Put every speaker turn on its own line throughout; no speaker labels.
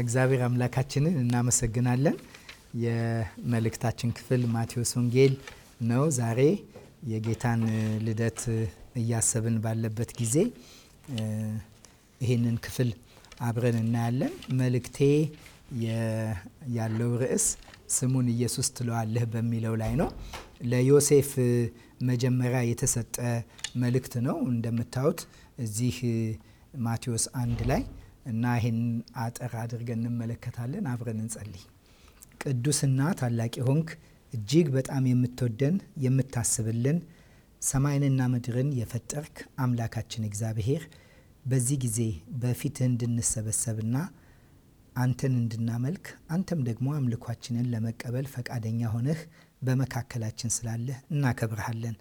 እግዚአብሔር አምላካችንን እናመሰግናለን። የመልእክታችን ክፍል ማቴዎስ ወንጌል ነው። ዛሬ የጌታን ልደት እያሰብን ባለበት ጊዜ ይህንን ክፍል አብረን እናያለን። መልእክቴ ያለው ርዕስ ስሙን ኢየሱስ ትለዋለህ በሚለው ላይ ነው። ለዮሴፍ መጀመሪያ የተሰጠ መልእክት ነው። እንደምታዩት እዚህ ማቴዎስ አንድ ላይ እና ይህን አጠር አድርገን እንመለከታለን። አብረን እንጸልይ። ቅዱስና ታላቅ የሆንክ እጅግ በጣም የምትወደን የምታስብልን፣ ሰማይንና ምድርን የፈጠርክ አምላካችን እግዚአብሔር በዚህ ጊዜ በፊትህ እንድንሰበሰብና አንተን እንድናመልክ አንተም ደግሞ አምልኳችንን ለመቀበል ፈቃደኛ ሆነህ በመካከላችን ስላለህ እናከብርሃለን።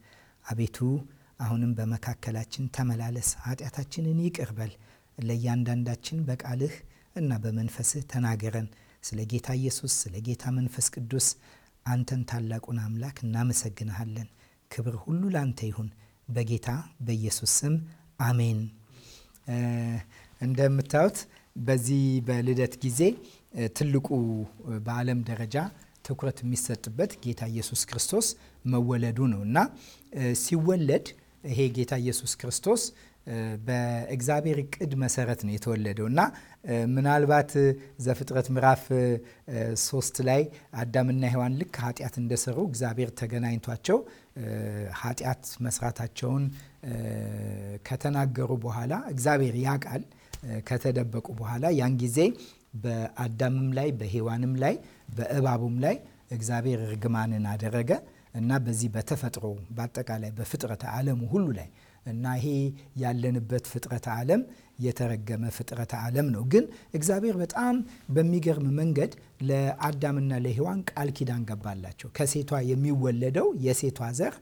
አቤቱ አሁንም በመካከላችን ተመላለስ፣ ኃጢአታችንን ይቅር በል ለእያንዳንዳችን በቃልህ እና በመንፈስህ ተናገረን። ስለ ጌታ ኢየሱስ፣ ስለ ጌታ መንፈስ ቅዱስ አንተን ታላቁን አምላክ እናመሰግንሃለን። ክብር ሁሉ ላንተ ይሁን። በጌታ በኢየሱስ ስም አሜን። እንደምታዩት በዚህ በልደት ጊዜ ትልቁ በዓለም ደረጃ ትኩረት የሚሰጥበት ጌታ ኢየሱስ ክርስቶስ መወለዱ ነው እና ሲወለድ ይሄ ጌታ ኢየሱስ ክርስቶስ በእግዚአብሔር እቅድ መሰረት ነው የተወለደው እና ምናልባት ዘፍጥረት ምዕራፍ ሶስት ላይ አዳምና ሔዋን ልክ ኃጢአት እንደሰሩ እግዚአብሔር ተገናኝቷቸው ኃጢአት መስራታቸውን ከተናገሩ በኋላ እግዚአብሔር ቃል ከተደበቁ በኋላ ያን ጊዜ በአዳምም ላይ በሔዋንም ላይ በእባቡም ላይ እግዚአብሔር እርግማንን አደረገ እና በዚህ በተፈጥሮ በአጠቃላይ በፍጥረተ ዓለሙ ሁሉ ላይ እና ይሄ ያለንበት ፍጥረት ዓለም የተረገመ ፍጥረተ ዓለም ነው። ግን እግዚአብሔር በጣም በሚገርም መንገድ ለአዳምና ለሔዋን ቃል ኪዳን ገባላቸው። ከሴቷ የሚወለደው የሴቷ ዘር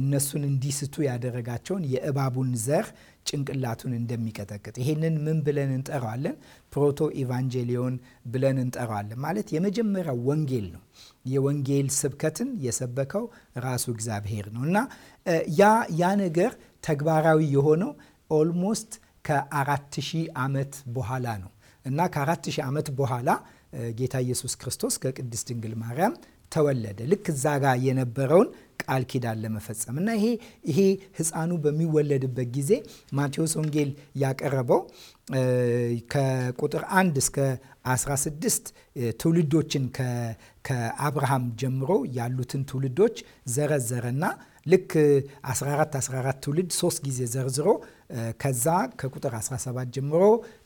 እነሱን እንዲስቱ ያደረጋቸውን የእባቡን ዘር ጭንቅላቱን እንደሚቀጠቅጥ ይሄንን ምን ብለን እንጠራዋለን? ፕሮቶ ኢቫንጀሊዮን ብለን እንጠራዋለን። ማለት የመጀመሪያው ወንጌል ነው። የወንጌል ስብከትን የሰበከው ራሱ እግዚአብሔር ነው እና ያ ያ ነገር ተግባራዊ የሆነው ኦልሞስት ከአራት ሺህ ዓመት በኋላ ነው እና ከአራት ሺህ ዓመት በኋላ ጌታ ኢየሱስ ክርስቶስ ከቅድስት ድንግል ማርያም ተወለደ። ልክ እዛ ጋር የነበረውን ቃል ኪዳን ለመፈጸም እና ይሄ ይሄ ህፃኑ በሚወለድበት ጊዜ ማቴዎስ ወንጌል ያቀረበው ከቁጥር 1 እስከ 16 ትውልዶችን ከአብርሃም ጀምሮ ያሉትን ትውልዶች ዘረዘረና ልክ 14 14 ትውልድ ሶስት ጊዜ ዘርዝሮ ከዛ ከቁጥር 17 ጀምሮ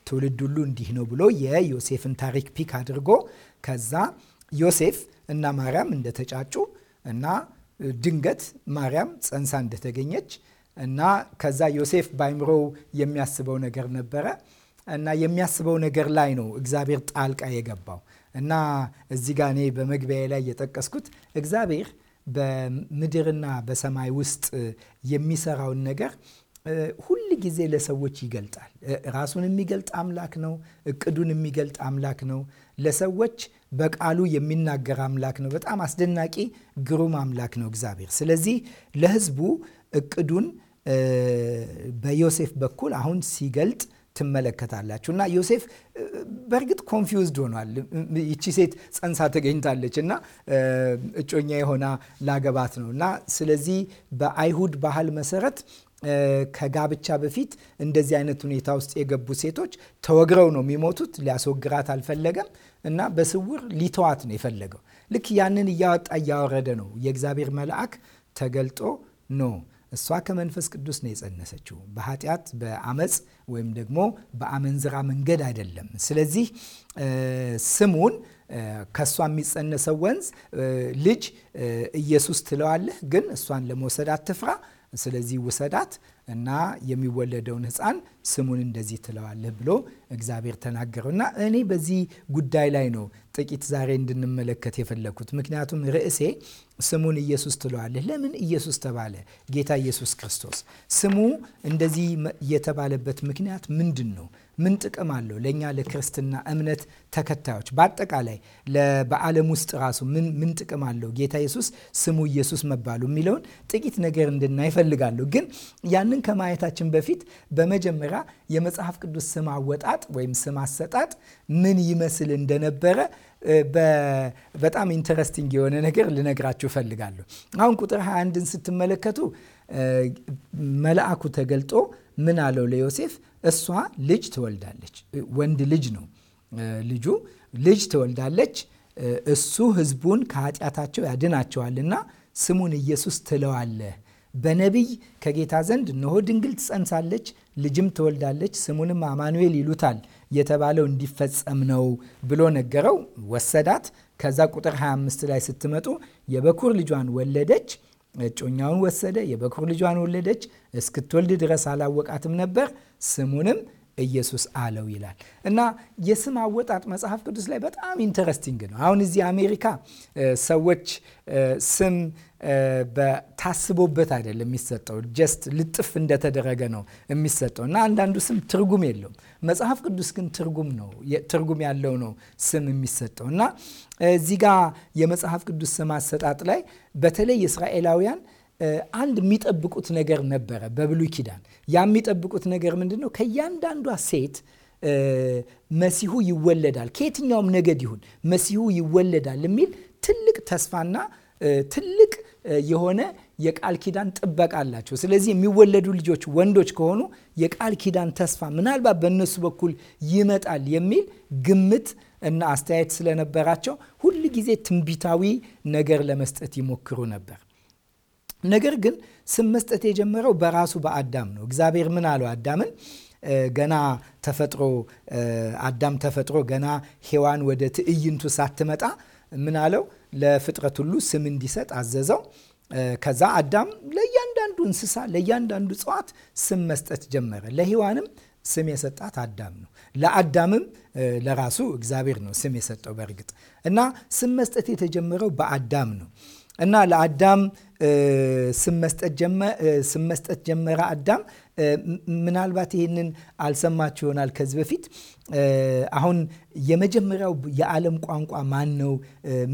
ትውልድ ሁሉ እንዲህ ነው ብሎ የዮሴፍን ታሪክ ፒክ አድርጎ ከዛ ዮሴፍ እና ማርያም እንደተጫጩ እና ድንገት ማርያም ጸንሳ እንደተገኘች እና ከዛ ዮሴፍ ባይምሮው የሚያስበው ነገር ነበረ እና የሚያስበው ነገር ላይ ነው እግዚአብሔር ጣልቃ የገባው እና እዚህ ጋ እኔ በመግቢያ ላይ የጠቀስኩት እግዚአብሔር በምድርና በሰማይ ውስጥ የሚሰራውን ነገር ሁል ጊዜ ለሰዎች ይገልጣል። ራሱን የሚገልጥ አምላክ ነው። እቅዱን የሚገልጥ አምላክ ነው። ለሰዎች በቃሉ የሚናገር አምላክ ነው። በጣም አስደናቂ ግሩም አምላክ ነው እግዚአብሔር። ስለዚህ ለሕዝቡ እቅዱን በዮሴፍ በኩል አሁን ሲገልጥ ትመለከታላችሁ። እና ዮሴፍ በእርግጥ ኮንፊውዝድ ሆኗል። ይቺ ሴት ጸንሳ ተገኝታለች እና እጮኛ የሆና ላገባት ነው እና ስለዚህ በአይሁድ ባህል መሰረት ከጋብቻ በፊት እንደዚህ አይነት ሁኔታ ውስጥ የገቡ ሴቶች ተወግረው ነው የሚሞቱት። ሊያስወግራት አልፈለገም እና በስውር ሊተዋት ነው የፈለገው። ልክ ያንን እያወጣ እያወረደ ነው የእግዚአብሔር መልአክ ተገልጦ ነው እሷ ከመንፈስ ቅዱስ ነው የጸነሰችው። በኃጢአት በአመፅ ወይም ደግሞ በአመንዝራ መንገድ አይደለም። ስለዚህ ስሙን ከእሷ የሚጸነሰው ወንዝ ልጅ ኢየሱስ ትለዋለህ፣ ግን እሷን ለመውሰድ አትፍራ። ስለዚህ ውሰዳት እና የሚወለደውን ሕፃን ስሙን እንደዚህ ትለዋለህ ብሎ እግዚአብሔር ተናገረው እና እኔ በዚህ ጉዳይ ላይ ነው ጥቂት ዛሬ እንድንመለከት የፈለግኩት ምክንያቱም ርዕሴ ስሙን ኢየሱስ ትለዋለህ። ለምን ኢየሱስ ተባለ? ጌታ ኢየሱስ ክርስቶስ ስሙ እንደዚህ የተባለበት ምክንያት ምንድን ነው? ምን ጥቅም አለው ለእኛ ለክርስትና እምነት ተከታዮች በአጠቃላይ በዓለም ውስጥ ራሱ ምን ጥቅም አለው ጌታ ኢየሱስ ስሙ ኢየሱስ መባሉ የሚለውን ጥቂት ነገር እንድናይ ይፈልጋሉ። ግን ያንን ከማየታችን በፊት በመጀመሪያ የመጽሐፍ ቅዱስ ስም አወጣጥ ወይም ስም አሰጣጥ ምን ይመስል እንደነበረ በጣም ኢንተረስቲንግ የሆነ ነገር ልነግራችሁ ፈልጋለሁ አሁን ቁጥር 21ን ስትመለከቱ መልአኩ ተገልጦ ምን አለው ለዮሴፍ? እሷ ልጅ ትወልዳለች። ወንድ ልጅ ነው ልጁ። ልጅ ትወልዳለች። እሱ ህዝቡን ከኃጢአታቸው ያድናቸዋልና ስሙን ኢየሱስ ትለዋለህ። በነቢይ ከጌታ ዘንድ እነሆ ድንግል ትጸንሳለች፣ ልጅም ትወልዳለች፣ ስሙንም አማኑኤል ይሉታል የተባለው እንዲፈጸም ነው ብሎ ነገረው። ወሰዳት። ከዛ ቁጥር 25 ላይ ስትመጡ የበኩር ልጇን ወለደች። እጮኛውን ወሰደ፣ የበኩር ልጇን ወለደች። እስክትወልድ ድረስ አላወቃትም ነበር፣ ስሙንም ኢየሱስ አለው ይላል እና የስም አወጣጥ መጽሐፍ ቅዱስ ላይ በጣም ኢንተረስቲንግ ነው። አሁን እዚህ አሜሪካ ሰዎች ስም ታስቦበት አይደለም የሚሰጠው፣ ጀስት ልጥፍ እንደተደረገ ነው የሚሰጠው እና አንዳንዱ ስም ትርጉም የለውም። መጽሐፍ ቅዱስ ግን ትርጉም ነው ትርጉም ያለው ነው ስም የሚሰጠው እና እዚህ ጋ የመጽሐፍ ቅዱስ ስም አሰጣጥ ላይ በተለይ እስራኤላውያን አንድ የሚጠብቁት ነገር ነበረ በብሉይ ኪዳን። ያ የሚጠብቁት ነገር ምንድን ነው? ከእያንዳንዷ ሴት መሲሁ ይወለዳል፣ ከየትኛውም ነገድ ይሁን መሲሁ ይወለዳል የሚል ትልቅ ተስፋና ትልቅ የሆነ የቃል ኪዳን ጥበቃ አላቸው። ስለዚህ የሚወለዱ ልጆች ወንዶች ከሆኑ የቃል ኪዳን ተስፋ ምናልባት በእነሱ በኩል ይመጣል የሚል ግምት እና አስተያየት ስለነበራቸው ሁል ጊዜ ትንቢታዊ ነገር ለመስጠት ይሞክሩ ነበር። ነገር ግን ስም መስጠት የጀመረው በራሱ በአዳም ነው። እግዚአብሔር ምን አለው አዳምን ገና ተፈጥሮ አዳም ተፈጥሮ ገና ሔዋን ወደ ትዕይንቱ ሳትመጣ ምን አለው ለፍጥረት ሁሉ ስም እንዲሰጥ አዘዘው። ከዛ አዳም ለእያንዳንዱ እንስሳ፣ ለእያንዳንዱ እጽዋት ስም መስጠት ጀመረ። ለሔዋንም ስም የሰጣት አዳም ነው። ለአዳምም ለራሱ እግዚአብሔር ነው ስም የሰጠው በእርግጥ እና ስም መስጠት የተጀመረው በአዳም ነው እና ለአዳም ስም መስጠት ጀመረ አዳም ምናልባት ይህንን አልሰማችሁ ይሆናል ከዚህ በፊት አሁን የመጀመሪያው የዓለም ቋንቋ ማን ነው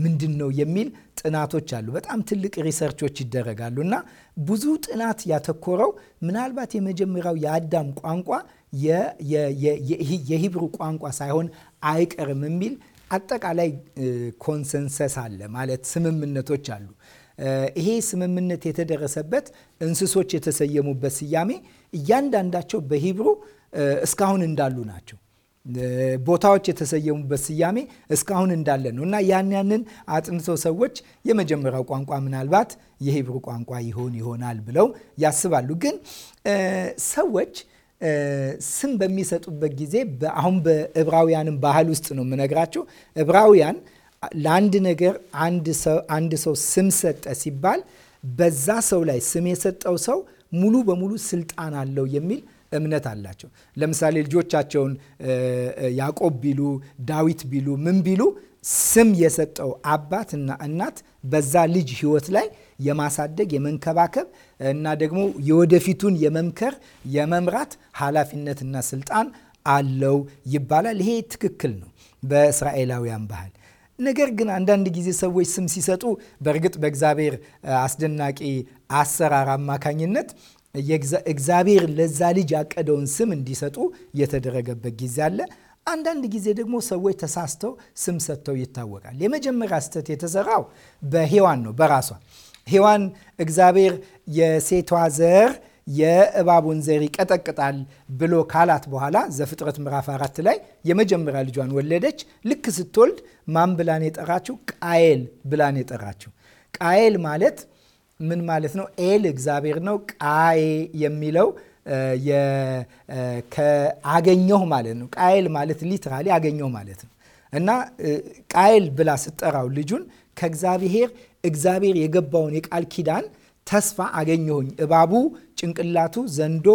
ምንድን ነው የሚል ጥናቶች አሉ። በጣም ትልቅ ሪሰርቾች ይደረጋሉ እና ብዙ ጥናት ያተኮረው ምናልባት የመጀመሪያው የአዳም ቋንቋ የሂብሩ ቋንቋ ሳይሆን አይቀርም የሚል አጠቃላይ ኮንሰንሰስ አለ፣ ማለት ስምምነቶች አሉ። ይሄ ስምምነት የተደረሰበት እንስሶች የተሰየሙበት ስያሜ እያንዳንዳቸው በሂብሩ እስካሁን እንዳሉ ናቸው። ቦታዎች የተሰየሙበት ስያሜ እስካሁን እንዳለ ነው እና ያን ያንን አጥንቶ ሰዎች የመጀመሪያው ቋንቋ ምናልባት የሂብሩ ቋንቋ ይሆን ይሆናል ብለው ያስባሉ። ግን ሰዎች ስም በሚሰጡበት ጊዜ አሁን በዕብራውያንም ባህል ውስጥ ነው የምነግራቸው .። ዕብራውያን ለአንድ ነገር አንድ ሰው ስም ሰጠ ሲባል በዛ ሰው ላይ ስም የሰጠው ሰው ሙሉ በሙሉ ስልጣን አለው የሚል እምነት አላቸው። ለምሳሌ ልጆቻቸውን ያዕቆብ ቢሉ፣ ዳዊት ቢሉ፣ ምን ቢሉ ስም የሰጠው አባት እና እናት በዛ ልጅ ሕይወት ላይ የማሳደግ የመንከባከብ እና ደግሞ የወደፊቱን የመምከር የመምራት ኃላፊነትና ስልጣን አለው ይባላል። ይሄ ትክክል ነው በእስራኤላውያን ባህል ነገር ግን አንዳንድ ጊዜ ሰዎች ስም ሲሰጡ በእርግጥ በእግዚአብሔር አስደናቂ አሰራር አማካኝነት እግዚአብሔር ለዛ ልጅ ያቀደውን ስም እንዲሰጡ የተደረገበት ጊዜ አለ። አንዳንድ ጊዜ ደግሞ ሰዎች ተሳስተው ስም ሰጥተው ይታወቃል። የመጀመሪያ ስህተት የተሰራው በሔዋን ነው በራሷ ሔዋን እግዚአብሔር የሴቷ ዘር የእባቡን ዘር ይቀጠቅጣል ብሎ ካላት በኋላ ዘፍጥረት ምዕራፍ አራት ላይ የመጀመሪያ ልጇን ወለደች። ልክ ስትወልድ ማን ብላን የጠራችው? ቃየል ብላን የጠራችው። ቃየል ማለት ምን ማለት ነው? ኤል እግዚአብሔር ነው። ቃዬ የሚለው አገኘሁ ማለት ነው። ቃየል ማለት ሊትራሊ አገኘሁ ማለት ነው። እና ቃየል ብላ ስትጠራው ልጁን ከእግዚአብሔር እግዚአብሔር የገባውን የቃል ኪዳን ተስፋ አገኘሁኝ። እባቡ፣ ጭንቅላቱ፣ ዘንዶ፣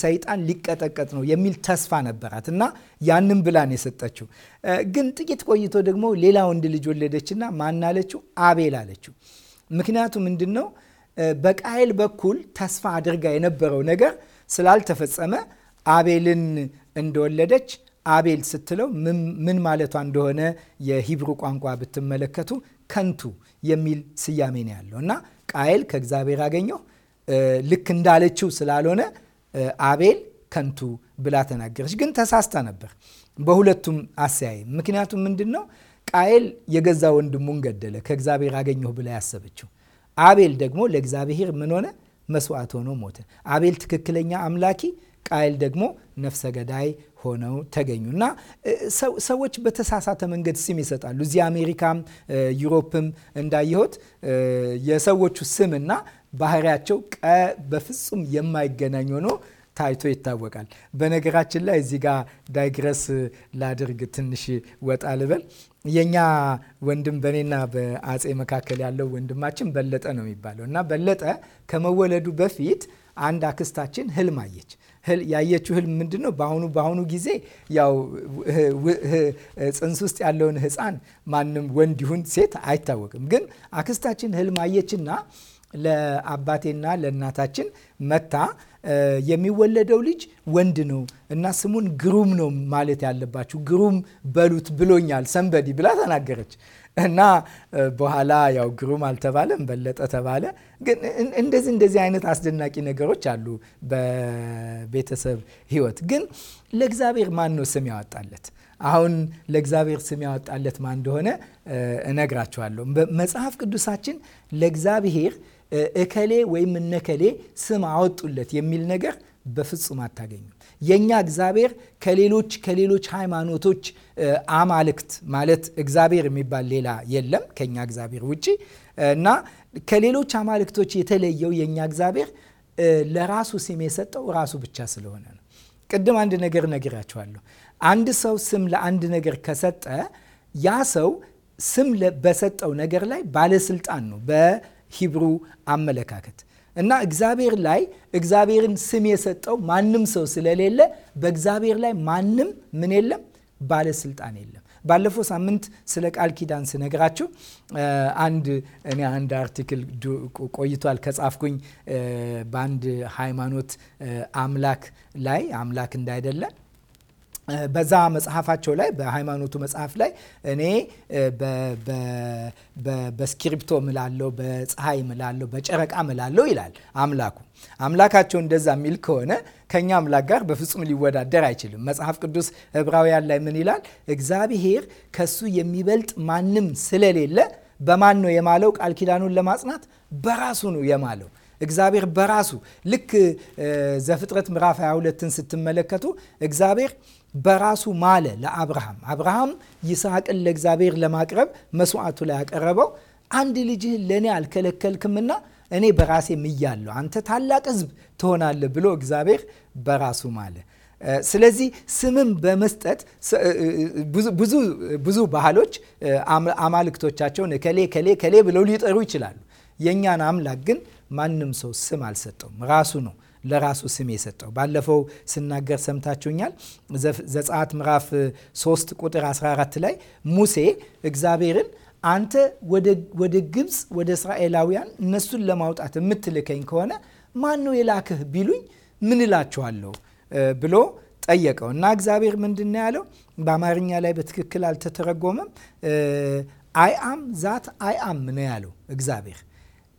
ሰይጣን ሊቀጠቀጥ ነው የሚል ተስፋ ነበራት እና ያንን ብላን የሰጠችው። ግን ጥቂት ቆይቶ ደግሞ ሌላ ወንድ ልጅ ወለደችና ማን አለችው? አቤል አለችው። ምክንያቱ ምንድን ነው? በቃየል በኩል ተስፋ አድርጋ የነበረው ነገር ስላልተፈጸመ አቤልን እንደወለደች አቤል ስትለው ምን ማለቷ እንደሆነ የሂብሩ ቋንቋ ብትመለከቱ ከንቱ የሚል ስያሜ ነው ያለው እና ቃየል ከእግዚአብሔር አገኘሁ ልክ እንዳለችው ስላልሆነ አቤል ከንቱ ብላ ተናገረች። ግን ተሳስታ ነበር በሁለቱም አስተያየ። ምክንያቱም ምንድን ነው ቃየል የገዛ ወንድሙን ገደለ፣ ከእግዚአብሔር አገኘሁ ብላ ያሰበችው። አቤል ደግሞ ለእግዚአብሔር ምን ሆነ? መስዋዕት ሆኖ ሞተ። አቤል ትክክለኛ አምላኪ ቃይል ደግሞ ነፍሰ ገዳይ ሆነው ተገኙ እና ሰዎች በተሳሳተ መንገድ ስም ይሰጣሉ። እዚህ አሜሪካም ዩሮፕም እንዳየሁት የሰዎቹ ስም እና ባህሪያቸው በፍጹም የማይገናኝ ሆኖ ታይቶ ይታወቃል። በነገራችን ላይ እዚህ ጋር ዳይግረስ ላድርግ፣ ትንሽ ወጣ ልበል። የኛ ወንድም በእኔና በአጼ መካከል ያለው ወንድማችን በለጠ ነው የሚባለው እና በለጠ ከመወለዱ በፊት አንድ አክስታችን ህልም አየች። ያየችው ህልም ምንድን ነው? በአሁኑ በአሁኑ ጊዜ ያው ጽንስ ውስጥ ያለውን ህፃን ማንም ወንድ ይሁን ሴት አይታወቅም። ግን አክስታችን ህልም አየችና ለአባቴና ለእናታችን መታ የሚወለደው ልጅ ወንድ ነው እና ስሙን ግሩም ነው ማለት ያለባችሁ ግሩም በሉት ብሎኛል ሰንበዲ ብላ ተናገረች። እና በኋላ ያው ግሩም አልተባለም በለጠ ተባለ። ግን እንደዚህ እንደዚህ አይነት አስደናቂ ነገሮች አሉ በቤተሰብ ህይወት ግን ለእግዚአብሔር ማን ነው ስም ያወጣለት? አሁን ለእግዚአብሔር ስም ያወጣለት ማን እንደሆነ እነግራችኋለሁ። መጽሐፍ ቅዱሳችን ለእግዚአብሔር እከሌ ወይም እነከሌ ስም አወጡለት የሚል ነገር በፍጹም አታገኙም። የእኛ እግዚአብሔር ከሌሎች ከሌሎች ሃይማኖቶች አማልክት ማለት እግዚአብሔር የሚባል ሌላ የለም ከእኛ እግዚአብሔር ውጭ እና ከሌሎች አማልክቶች የተለየው የእኛ እግዚአብሔር ለራሱ ስም የሰጠው ራሱ ብቻ ስለሆነ ነው። ቅድም አንድ ነገር ነግራችኋለሁ። አንድ ሰው ስም ለአንድ ነገር ከሰጠ ያ ሰው ስም በሰጠው ነገር ላይ ባለስልጣን ነው በሂብሩ አመለካከት እና እግዚአብሔር ላይ እግዚአብሔርን ስም የሰጠው ማንም ሰው ስለሌለ በእግዚአብሔር ላይ ማንም ምን የለም ባለስልጣን የለም። ባለፈው ሳምንት ስለ ቃል ኪዳን ስነግራችሁ አንድ እኔ አንድ አርቲክል ቆይቷል ከጻፍኩኝ በአንድ ሃይማኖት አምላክ ላይ አምላክ እንዳይደለን። በዛ መጽሐፋቸው ላይ በሃይማኖቱ መጽሐፍ ላይ እኔ በስክሪፕቶ ምላለው፣ በፀሐይ ምላለው፣ በጨረቃ ምላለው ይላል አምላኩ። አምላካቸው እንደዛ የሚል ከሆነ ከኛ አምላክ ጋር በፍጹም ሊወዳደር አይችልም። መጽሐፍ ቅዱስ ዕብራውያን ላይ ምን ይላል? እግዚአብሔር ከሱ የሚበልጥ ማንም ስለሌለ በማን ነው የማለው? ቃል ኪዳኑን ለማጽናት በራሱ ነው የማለው። እግዚአብሔር በራሱ ልክ ዘፍጥረት ምዕራፍ 22ን ስትመለከቱ እግዚአብሔር በራሱ ማለ ለአብርሃም። አብርሃም ይስሐቅን ለእግዚአብሔር ለማቅረብ መስዋዕቱ ላይ ያቀረበው አንድ ልጅህን ለእኔ አልከለከልክምና እኔ በራሴ ምያለሁ፣ አንተ ታላቅ ሕዝብ ትሆናለህ ብሎ እግዚአብሔር በራሱ ማለ። ስለዚህ ስምን በመስጠት ብዙ ባህሎች አማልክቶቻቸውን እከሌ ከሌ ከሌ ብለው ሊጠሩ ይችላሉ። የእኛን አምላክ ግን ማንም ሰው ስም አልሰጠውም። ራሱ ነው ለራሱ ስም የሰጠው። ባለፈው ስናገር ሰምታችሁኛል። ዘጸአት ምዕራፍ 3 ቁጥር 14 ላይ ሙሴ እግዚአብሔርን አንተ ወደ ግብፅ ወደ እስራኤላውያን እነሱን ለማውጣት የምትልከኝ ከሆነ ማን ነው የላክህ ቢሉኝ ምን እላችኋለሁ ብሎ ጠየቀው እና እግዚአብሔር ምንድን ነው ያለው? በአማርኛ ላይ በትክክል አልተተረጎመም። አይ አም ዛት አይ አም ነው ያለው እግዚአብሔር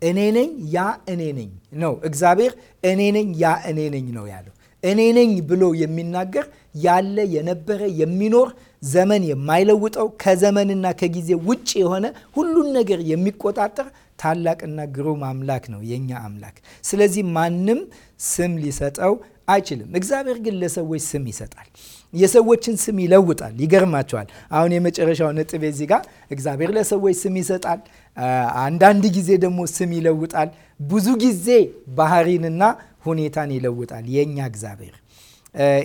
እኔ ነኝ ያ እኔ ነኝ ነው። እግዚአብሔር እኔ ነኝ ያ እኔ ነኝ ነው ያለው። እኔ ነኝ ብሎ የሚናገር ያለ የነበረ የሚኖር ዘመን የማይለውጠው ከዘመንና ከጊዜ ውጭ የሆነ ሁሉን ነገር የሚቆጣጠር ታላቅና ግሩም አምላክ ነው የእኛ አምላክ። ስለዚህ ማንም ስም ሊሰጠው አይችልም። እግዚአብሔር ግን ለሰዎች ስም ይሰጣል። የሰዎችን ስም ይለውጣል። ይገርማቸዋል። አሁን የመጨረሻው ነጥብ እዚህ ጋር እግዚአብሔር ለሰዎች ስም ይሰጣል። አንዳንድ ጊዜ ደግሞ ስም ይለውጣል። ብዙ ጊዜ ባህሪንና ሁኔታን ይለውጣል የእኛ እግዚአብሔር።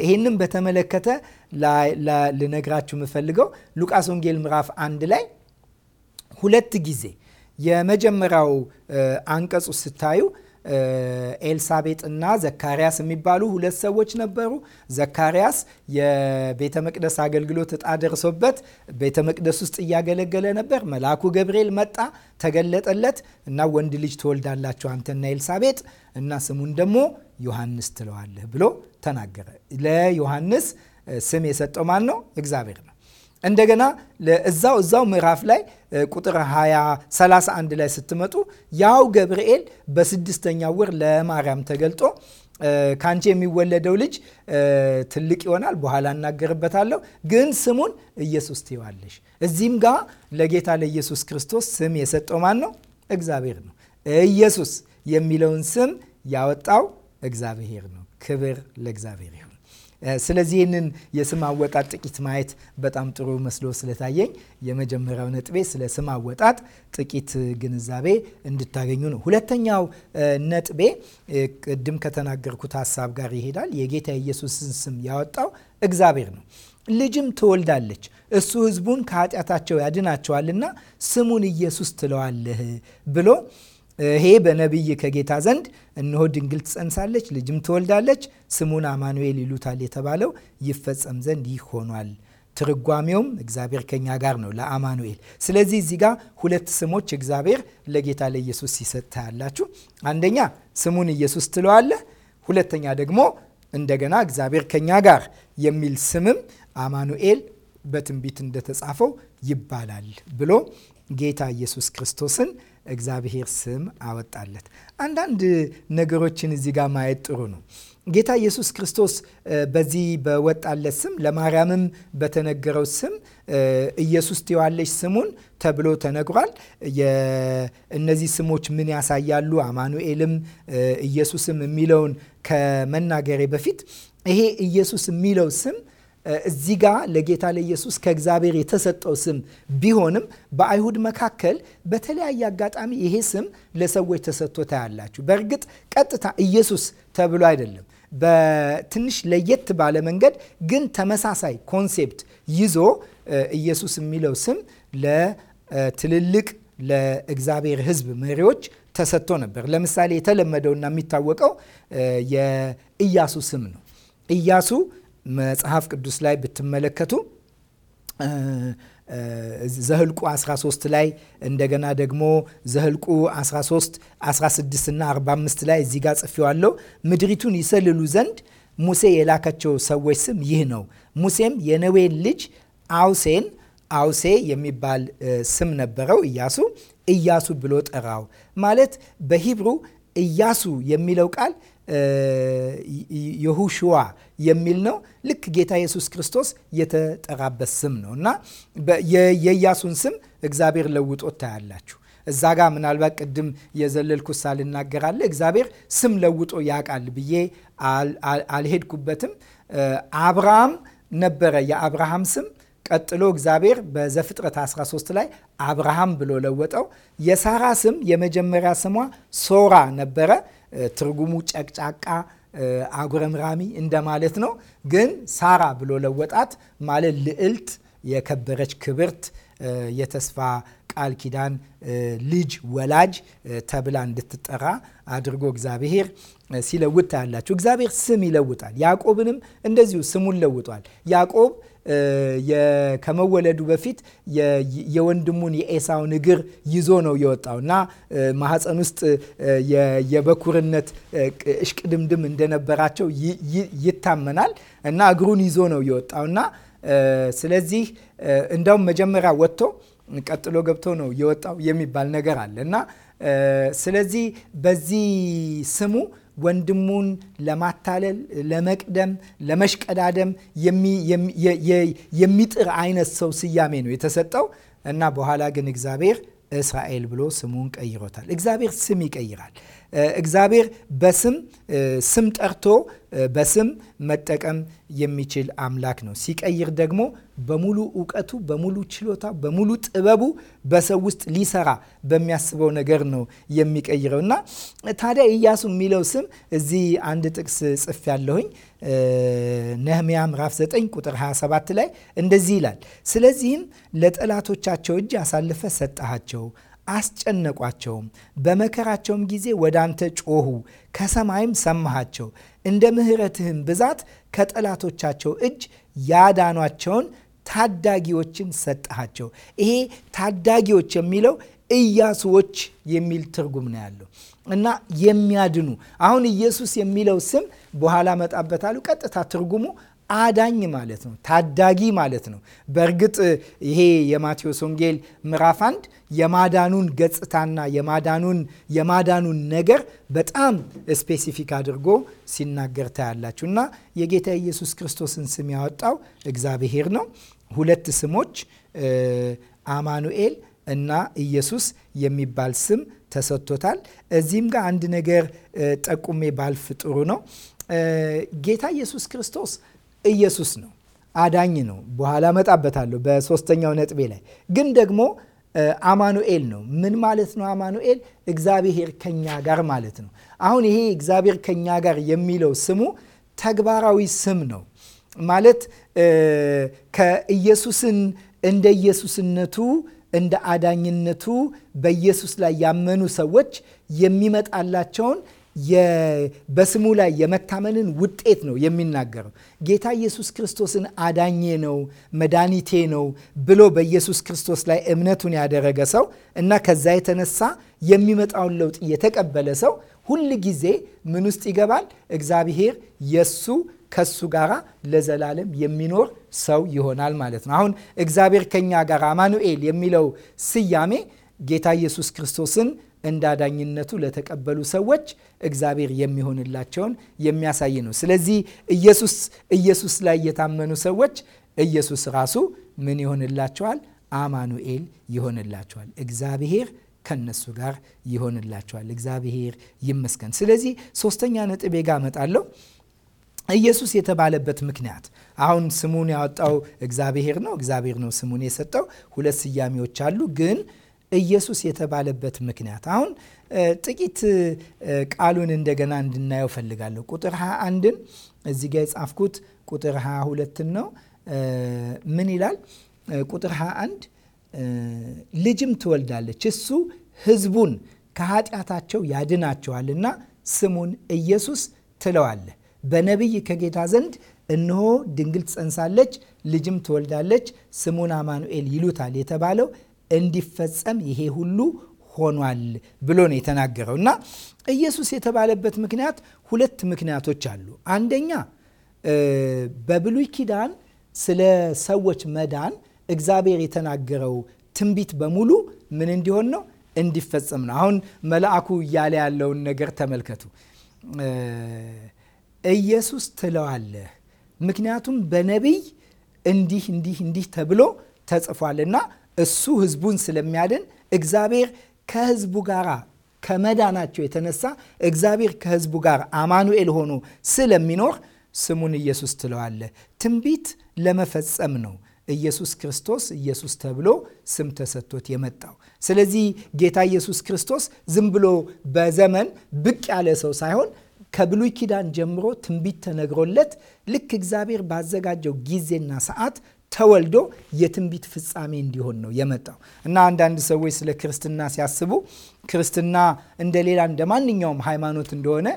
ይህንም በተመለከተ ልነግራችሁ የምፈልገው ሉቃስ ወንጌል ምዕራፍ አንድ ላይ ሁለት ጊዜ የመጀመሪያው አንቀጹ ስታዩ ኤልሳቤጥና ዘካሪያስ የሚባሉ ሁለት ሰዎች ነበሩ። ዘካሪያስ የቤተ መቅደስ አገልግሎት እጣ ደርሶበት ቤተ መቅደስ ውስጥ እያገለገለ ነበር። መልአኩ ገብርኤል መጣ፣ ተገለጠለት እና ወንድ ልጅ ትወልዳላችሁ አንተና ኤልሳቤጥ እና ስሙን ደግሞ ዮሐንስ ትለዋለህ ብሎ ተናገረ። ለዮሐንስ ስም የሰጠው ማን ነው? እግዚአብሔር እንደገና እዛው እዛው ምዕራፍ ላይ ቁጥር 20 31 ላይ ስትመጡ ያው ገብርኤል በስድስተኛ ወር ለማርያም ተገልጦ ከአንቺ የሚወለደው ልጅ ትልቅ ይሆናል፣ በኋላ እናገርበታለሁ፣ ግን ስሙን ኢየሱስ ትይዋለሽ። እዚህም ጋር ለጌታ ለኢየሱስ ክርስቶስ ስም የሰጠው ማን ነው? እግዚአብሔር ነው። ኢየሱስ የሚለውን ስም ያወጣው እግዚአብሔር ነው። ክብር ለእግዚአብሔር። ስለዚህ ይህንን የስም አወጣጥ ጥቂት ማየት በጣም ጥሩ መስሎ ስለታየኝ የመጀመሪያው ነጥቤ ስለ ስም አወጣጥ ጥቂት ግንዛቤ እንድታገኙ ነው። ሁለተኛው ነጥቤ ቅድም ከተናገርኩት ሀሳብ ጋር ይሄዳል። የጌታ የኢየሱስን ስም ያወጣው እግዚአብሔር ነው። ልጅም ትወልዳለች፣ እሱ ሕዝቡን ከኃጢአታቸው ያድናቸዋልና ስሙን ኢየሱስ ትለዋለህ ብሎ ይሄ በነቢይ ከጌታ ዘንድ እነሆ ድንግል ትጸንሳለች፣ ልጅም ትወልዳለች፣ ስሙን አማኑኤል ይሉታል የተባለው ይፈጸም ዘንድ ይህ ሆኗል። ትርጓሜውም እግዚአብሔር ከኛ ጋር ነው ለአማኑኤል። ስለዚህ እዚህ ጋር ሁለት ስሞች እግዚአብሔር ለጌታ ለኢየሱስ ሲሰጥ ታያላችሁ። አንደኛ ስሙን ኢየሱስ ትለዋለህ፣ ሁለተኛ ደግሞ እንደገና እግዚአብሔር ከኛ ጋር የሚል ስምም አማኑኤል በትንቢት እንደተጻፈው ይባላል ብሎ ጌታ ኢየሱስ ክርስቶስን እግዚአብሔር ስም አወጣለት። አንዳንድ ነገሮችን እዚህ ጋር ማየት ጥሩ ነው። ጌታ ኢየሱስ ክርስቶስ በዚህ በወጣለት ስም ለማርያምም በተነገረው ስም ኢየሱስ ትዋለች ስሙን ተብሎ ተነግሯል። እነዚህ ስሞች ምን ያሳያሉ? አማኑኤልም ኢየሱስም የሚለውን ከመናገሬ በፊት ይሄ ኢየሱስ የሚለው ስም እዚህ ጋ ለጌታ ለኢየሱስ ከእግዚአብሔር የተሰጠው ስም ቢሆንም በአይሁድ መካከል በተለያየ አጋጣሚ ይሄ ስም ለሰዎች ተሰጥቶ ታያላችሁ። በእርግጥ ቀጥታ ኢየሱስ ተብሎ አይደለም። በትንሽ ለየት ባለ መንገድ ግን ተመሳሳይ ኮንሴፕት ይዞ ኢየሱስ የሚለው ስም ለትልልቅ ለእግዚአብሔር ሕዝብ መሪዎች ተሰጥቶ ነበር። ለምሳሌ የተለመደውና የሚታወቀው የኢያሱ ስም ነው። ኢያሱ መጽሐፍ ቅዱስ ላይ ብትመለከቱ ዘህልቁ 13 ላይ እንደገና ደግሞ ዘህልቁ 13 16 እና 45 ላይ እዚህ ጋር ጽፌዋለሁ። ምድሪቱን ይሰልሉ ዘንድ ሙሴ የላካቸው ሰዎች ስም ይህ ነው። ሙሴም የነዌን ልጅ አውሴን አውሴ የሚባል ስም ነበረው እያሱ እያሱ ብሎ ጠራው። ማለት በሂብሩ እያሱ የሚለው ቃል የሁሽዋ የሚል ነው። ልክ ጌታ ኢየሱስ ክርስቶስ የተጠራበት ስም ነው እና የኢያሱን ስም እግዚአብሔር ለውጦ ታያላችሁ። እዛ ጋ ምናልባት ቅድም የዘለልኩት ሳልናገር እግዚአብሔር ስም ለውጦ ያውቃል ብዬ አልሄድኩበትም። አብርሃም ነበረ የአብርሃም ስም ቀጥሎ እግዚአብሔር በዘፍጥረት 13 ላይ አብርሃም ብሎ ለወጠው። የሳራ ስም የመጀመሪያ ስሟ ሶራ ነበረ። ትርጉሙ ጨቅጫቃ አጉረምራሚ እንደማለት ነው። ግን ሳራ ብሎ ለወጣት ማለት ልዕልት፣ የከበረች ክብርት፣ የተስፋ ቃል ኪዳን ልጅ ወላጅ ተብላ እንድትጠራ አድርጎ እግዚአብሔር ሲለውጥ ታያላችሁ። እግዚአብሔር ስም ይለውጣል። ያዕቆብንም እንደዚሁ ስሙን ለውጧል። ያዕቆብ ከመወለዱ በፊት የወንድሙን የኤሳውን እግር ይዞ ነው የወጣው እና ማህፀን ውስጥ የበኩርነት እሽቅድምድም እንደነበራቸው ይታመናል እና እግሩን ይዞ ነው የወጣው እና ስለዚህ እንዳውም መጀመሪያ ወጥቶ ቀጥሎ ገብቶ ነው የወጣው የሚባል ነገር አለ እና ስለዚህ በዚህ ስሙ ወንድሙን ለማታለል፣ ለመቅደም፣ ለመሽቀዳደም የሚጥር አይነት ሰው ስያሜ ነው የተሰጠው እና በኋላ ግን እግዚአብሔር እስራኤል ብሎ ስሙን ቀይሮታል። እግዚአብሔር ስም ይቀይራል። እግዚአብሔር በስም ስም ጠርቶ በስም መጠቀም የሚችል አምላክ ነው። ሲቀይር ደግሞ በሙሉ እውቀቱ፣ በሙሉ ችሎታ፣ በሙሉ ጥበቡ በሰው ውስጥ ሊሰራ በሚያስበው ነገር ነው የሚቀይረው እና ታዲያ ኢያሱ የሚለው ስም እዚህ አንድ ጥቅስ ጽፌ ያለሁኝ ነህሚያ ምዕራፍ 9 ቁጥር 27 ላይ እንደዚህ ይላል። ስለዚህም ለጠላቶቻቸው እጅ አሳልፈ ሰጠሃቸው፣ አስጨነቋቸውም። በመከራቸውም ጊዜ ወደ አንተ ጮሁ፣ ከሰማይም ሰማሃቸው። እንደ ምሕረትህም ብዛት ከጠላቶቻቸው እጅ ያዳኗቸውን ታዳጊዎችን ሰጠሃቸው። ይሄ ታዳጊዎች የሚለው ኢያሱዎች የሚል ትርጉም ነው ያለው። እና የሚያድኑ አሁን ኢየሱስ የሚለው ስም በኋላ መጣበታሉ ቀጥታ ትርጉሙ አዳኝ ማለት ነው። ታዳጊ ማለት ነው። በእርግጥ ይሄ የማቴዎስ ወንጌል ምዕራፍ አንድ የማዳኑን ገጽታና የማዳኑን የማዳኑን ነገር በጣም ስፔሲፊክ አድርጎ ሲናገር ታያላችሁ እና የጌታ ኢየሱስ ክርስቶስን ስም ያወጣው እግዚአብሔር ነው። ሁለት ስሞች አማኑኤል እና ኢየሱስ የሚባል ስም ተሰጥቶታል። እዚህም ጋር አንድ ነገር ጠቁሜ ባልፍ ጥሩ ነው። ጌታ ኢየሱስ ክርስቶስ ኢየሱስ ነው፣ አዳኝ ነው። በኋላ መጣበታለሁ በሶስተኛው ነጥቤ ላይ ግን ደግሞ አማኑኤል ነው። ምን ማለት ነው አማኑኤል? እግዚአብሔር ከኛ ጋር ማለት ነው። አሁን ይሄ እግዚአብሔር ከኛ ጋር የሚለው ስሙ ተግባራዊ ስም ነው ማለት ከኢየሱስን እንደ ኢየሱስነቱ እንደ አዳኝነቱ በኢየሱስ ላይ ያመኑ ሰዎች የሚመጣላቸውን በስሙ ላይ የመታመንን ውጤት ነው የሚናገረው። ጌታ ኢየሱስ ክርስቶስን አዳኜ ነው መድኃኒቴ ነው ብሎ በኢየሱስ ክርስቶስ ላይ እምነቱን ያደረገ ሰው እና ከዛ የተነሳ የሚመጣውን ለውጥ የተቀበለ ሰው ሁል ጊዜ ምን ውስጥ ይገባል? እግዚአብሔር የሱ ከሱ ጋራ ለዘላለም የሚኖር ሰው ይሆናል ማለት ነው። አሁን እግዚአብሔር ከኛ ጋር አማኑኤል የሚለው ስያሜ ጌታ ኢየሱስ ክርስቶስን እንዳዳኝነቱ ለተቀበሉ ሰዎች እግዚአብሔር የሚሆንላቸውን የሚያሳይ ነው። ስለዚህ ኢየሱስ ኢየሱስ ላይ የታመኑ ሰዎች ኢየሱስ ራሱ ምን ይሆንላቸዋል? አማኑኤል ይሆንላቸዋል። እግዚአብሔር ከነሱ ጋር ይሆንላቸዋል። እግዚአብሔር ይመስገን። ስለዚህ ሶስተኛ ነጥቤ ጋር እመጣለሁ። ኢየሱስ የተባለበት ምክንያት አሁን ስሙን ያወጣው እግዚአብሔር ነው። እግዚአብሔር ነው ስሙን የሰጠው። ሁለት ስያሜዎች አሉ ግን ኢየሱስ የተባለበት ምክንያት አሁን ጥቂት ቃሉን እንደገና እንድናየው ፈልጋለሁ። ቁጥር 21ን እዚህ ጋ የጻፍኩት ቁጥር 22ን ነው። ምን ይላል ቁጥር 21 ልጅም ትወልዳለች፣ እሱ ህዝቡን ከኃጢአታቸው ያድናቸዋልና ስሙን ኢየሱስ ትለዋለ? በነቢይ ከጌታ ዘንድ እነሆ ድንግል ትጸንሳለች፣ ልጅም ትወልዳለች፣ ስሙን አማኑኤል ይሉታል የተባለው እንዲፈጸም ይሄ ሁሉ ሆኗል ብሎ ነው የተናገረው። እና ኢየሱስ የተባለበት ምክንያት ሁለት ምክንያቶች አሉ። አንደኛ በብሉይ ኪዳን ስለ ሰዎች መዳን እግዚአብሔር የተናገረው ትንቢት በሙሉ ምን እንዲሆን ነው? እንዲፈጸም ነው። አሁን መልአኩ እያለ ያለውን ነገር ተመልከቱ። ኢየሱስ ትለዋለህ፣ ምክንያቱም በነቢይ እንዲህ እንዲህ እንዲህ ተብሎ ተጽፏልና እሱ ህዝቡን ስለሚያድን እግዚአብሔር ከህዝቡ ጋር ከመዳናቸው የተነሳ እግዚአብሔር ከህዝቡ ጋር አማኑኤል ሆኖ ስለሚኖር ስሙን ኢየሱስ ትለዋለህ። ትንቢት ለመፈጸም ነው ኢየሱስ ክርስቶስ ኢየሱስ ተብሎ ስም ተሰጥቶት የመጣው። ስለዚህ ጌታ ኢየሱስ ክርስቶስ ዝም ብሎ በዘመን ብቅ ያለ ሰው ሳይሆን ከብሉይ ኪዳን ጀምሮ ትንቢት ተነግሮለት ልክ እግዚአብሔር ባዘጋጀው ጊዜና ሰዓት ተወልዶ የትንቢት ፍጻሜ እንዲሆን ነው የመጣው እና አንዳንድ ሰዎች ስለ ክርስትና ሲያስቡ ክርስትና እንደ ሌላ እንደ ማንኛውም ሃይማኖት እንደሆነ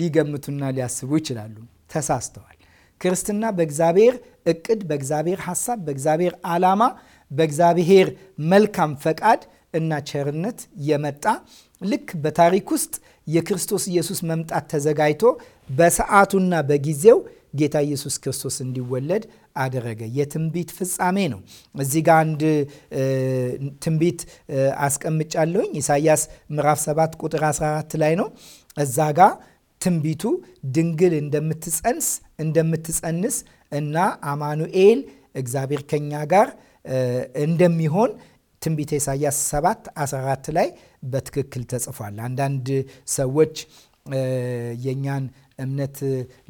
ሊገምቱና ሊያስቡ ይችላሉ። ተሳስተዋል። ክርስትና በእግዚአብሔር እቅድ፣ በእግዚአብሔር ሐሳብ፣ በእግዚአብሔር ዓላማ፣ በእግዚአብሔር መልካም ፈቃድ እና ቸርነት የመጣ ልክ በታሪክ ውስጥ የክርስቶስ ኢየሱስ መምጣት ተዘጋጅቶ በሰዓቱና በጊዜው ጌታ ኢየሱስ ክርስቶስ እንዲወለድ አደረገ። የትንቢት ፍጻሜ ነው። እዚህ ጋር አንድ ትንቢት አስቀምጫለሁኝ። ኢሳያስ ምዕራፍ 7 ቁጥር 14 ላይ ነው። እዛ ጋ ትንቢቱ ድንግል እንደምትጸንስ እንደምትጸንስ እና አማኑኤል እግዚአብሔር ከኛ ጋር እንደሚሆን ትንቢተ ኢሳያስ 7 14 ላይ በትክክል ተጽፏል። አንዳንድ ሰዎች የእኛን እምነት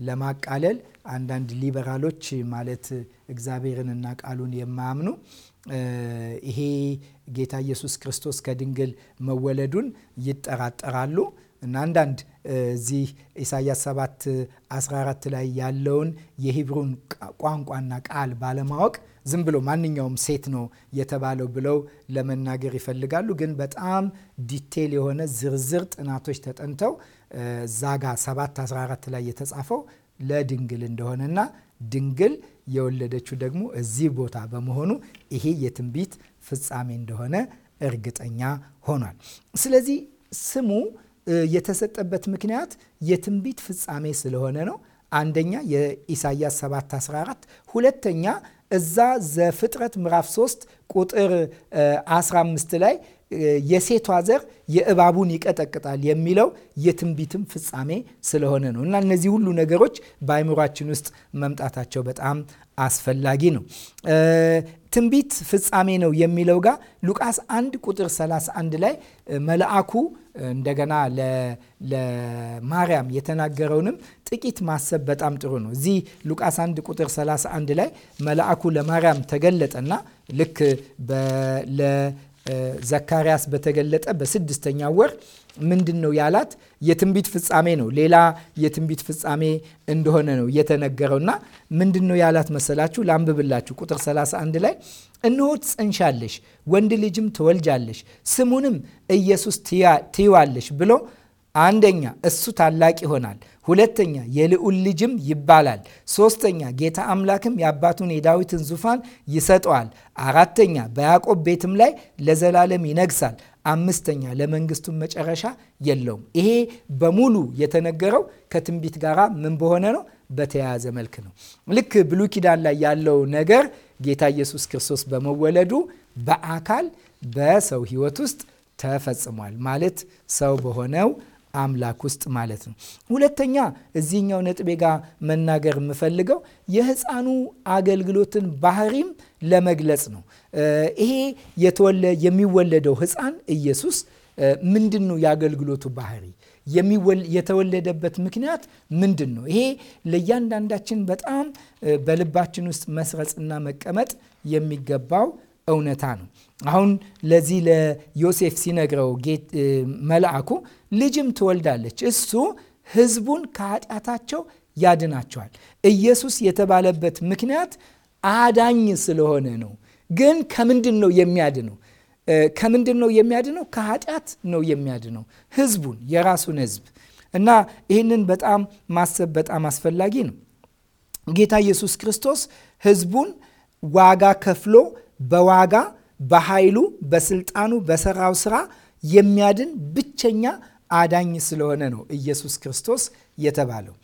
ለማቃለል አንዳንድ ሊበራሎች ማለት እግዚአብሔርንና ቃሉን የማያምኑ ይሄ ጌታ ኢየሱስ ክርስቶስ ከድንግል መወለዱን ይጠራጠራሉ እና አንዳንድ እዚህ ኢሳያስ 7 14 ላይ ያለውን የሂብሩን ቋንቋና ቃል ባለማወቅ ዝም ብሎ ማንኛውም ሴት ነው የተባለው ብለው ለመናገር ይፈልጋሉ። ግን በጣም ዲቴል የሆነ ዝርዝር ጥናቶች ተጠንተው ዛጋ 714 ላይ የተጻፈው ለድንግል እንደሆነና ድንግል የወለደችው ደግሞ እዚህ ቦታ በመሆኑ ይሄ የትንቢት ፍጻሜ እንደሆነ እርግጠኛ ሆኗል። ስለዚህ ስሙ የተሰጠበት ምክንያት የትንቢት ፍጻሜ ስለሆነ ነው። አንደኛ የኢሳያስ 714፣ ሁለተኛ እዛ ዘፍጥረት ምዕራፍ 3 ቁጥር 15 ላይ የሴቷ ዘር የእባቡን ይቀጠቅጣል የሚለው የትንቢትም ፍጻሜ ስለሆነ ነው እና እነዚህ ሁሉ ነገሮች በአይምሯችን ውስጥ መምጣታቸው በጣም አስፈላጊ ነው። ትንቢት ፍጻሜ ነው የሚለው ጋር ሉቃስ 1 ቁጥር 31 ላይ መልአኩ እንደገና ለማርያም የተናገረውንም ጥቂት ማሰብ በጣም ጥሩ ነው። እዚህ ሉቃስ 1 ቁጥር 31 ላይ መልአኩ ለማርያም ተገለጠና ልክ ለዘካርያስ በተገለጠ በስድስተኛው ወር ምንድን ነው ያላት? የትንቢት ፍጻሜ ነው። ሌላ የትንቢት ፍጻሜ እንደሆነ ነው የተነገረውና ምንድን ነው ያላት መሰላችሁ? ላንብብላችሁ። ቁጥር 31 ላይ እነሆ ትጸንሻለሽ፣ ወንድ ልጅም ትወልጃለሽ፣ ስሙንም ኢየሱስ ትይዋለሽ ብሎ አንደኛ እሱ ታላቅ ይሆናል፣ ሁለተኛ የልዑል ልጅም ይባላል፣ ሶስተኛ ጌታ አምላክም የአባቱን የዳዊትን ዙፋን ይሰጠዋል፣ አራተኛ በያዕቆብ ቤትም ላይ ለዘላለም ይነግሳል፣ አምስተኛ ለመንግስቱን መጨረሻ የለውም። ይሄ በሙሉ የተነገረው ከትንቢት ጋራ ምን በሆነ ነው? በተያያዘ መልክ ነው። ልክ ብሉይ ኪዳን ላይ ያለው ነገር ጌታ ኢየሱስ ክርስቶስ በመወለዱ በአካል በሰው ህይወት ውስጥ ተፈጽሟል ማለት ሰው በሆነው አምላክ ውስጥ ማለት ነው። ሁለተኛ እዚህኛው ነጥቤ ጋር መናገር የምፈልገው የህፃኑ አገልግሎትን ባህሪም ለመግለጽ ነው። ይሄ የሚወለደው ህፃን ኢየሱስ ምንድን ነው የአገልግሎቱ ባህሪ? የተወለደበት ምክንያት ምንድን ነው? ይሄ ለእያንዳንዳችን በጣም በልባችን ውስጥ መስረጽና መቀመጥ የሚገባው እውነታ ነው። አሁን ለዚህ ለዮሴፍ ሲነግረው መልአኩ ልጅም ትወልዳለች፣ እሱ ህዝቡን ከኃጢአታቸው ያድናቸዋል። ኢየሱስ የተባለበት ምክንያት አዳኝ ስለሆነ ነው። ግን ከምንድን ነው የሚያድነው? ከምንድን ነው የሚያድነው? ከኃጢአት ነው የሚያድነው ህዝቡን፣ የራሱን ህዝብ እና ይህንን በጣም ማሰብ በጣም አስፈላጊ ነው። ጌታ ኢየሱስ ክርስቶስ ህዝቡን ዋጋ ከፍሎ በዋጋ በኃይሉ በስልጣኑ በሰራው ስራ የሚያድን ብቸኛ አዳኝ ስለሆነ ነው ኢየሱስ ክርስቶስ የተባለው።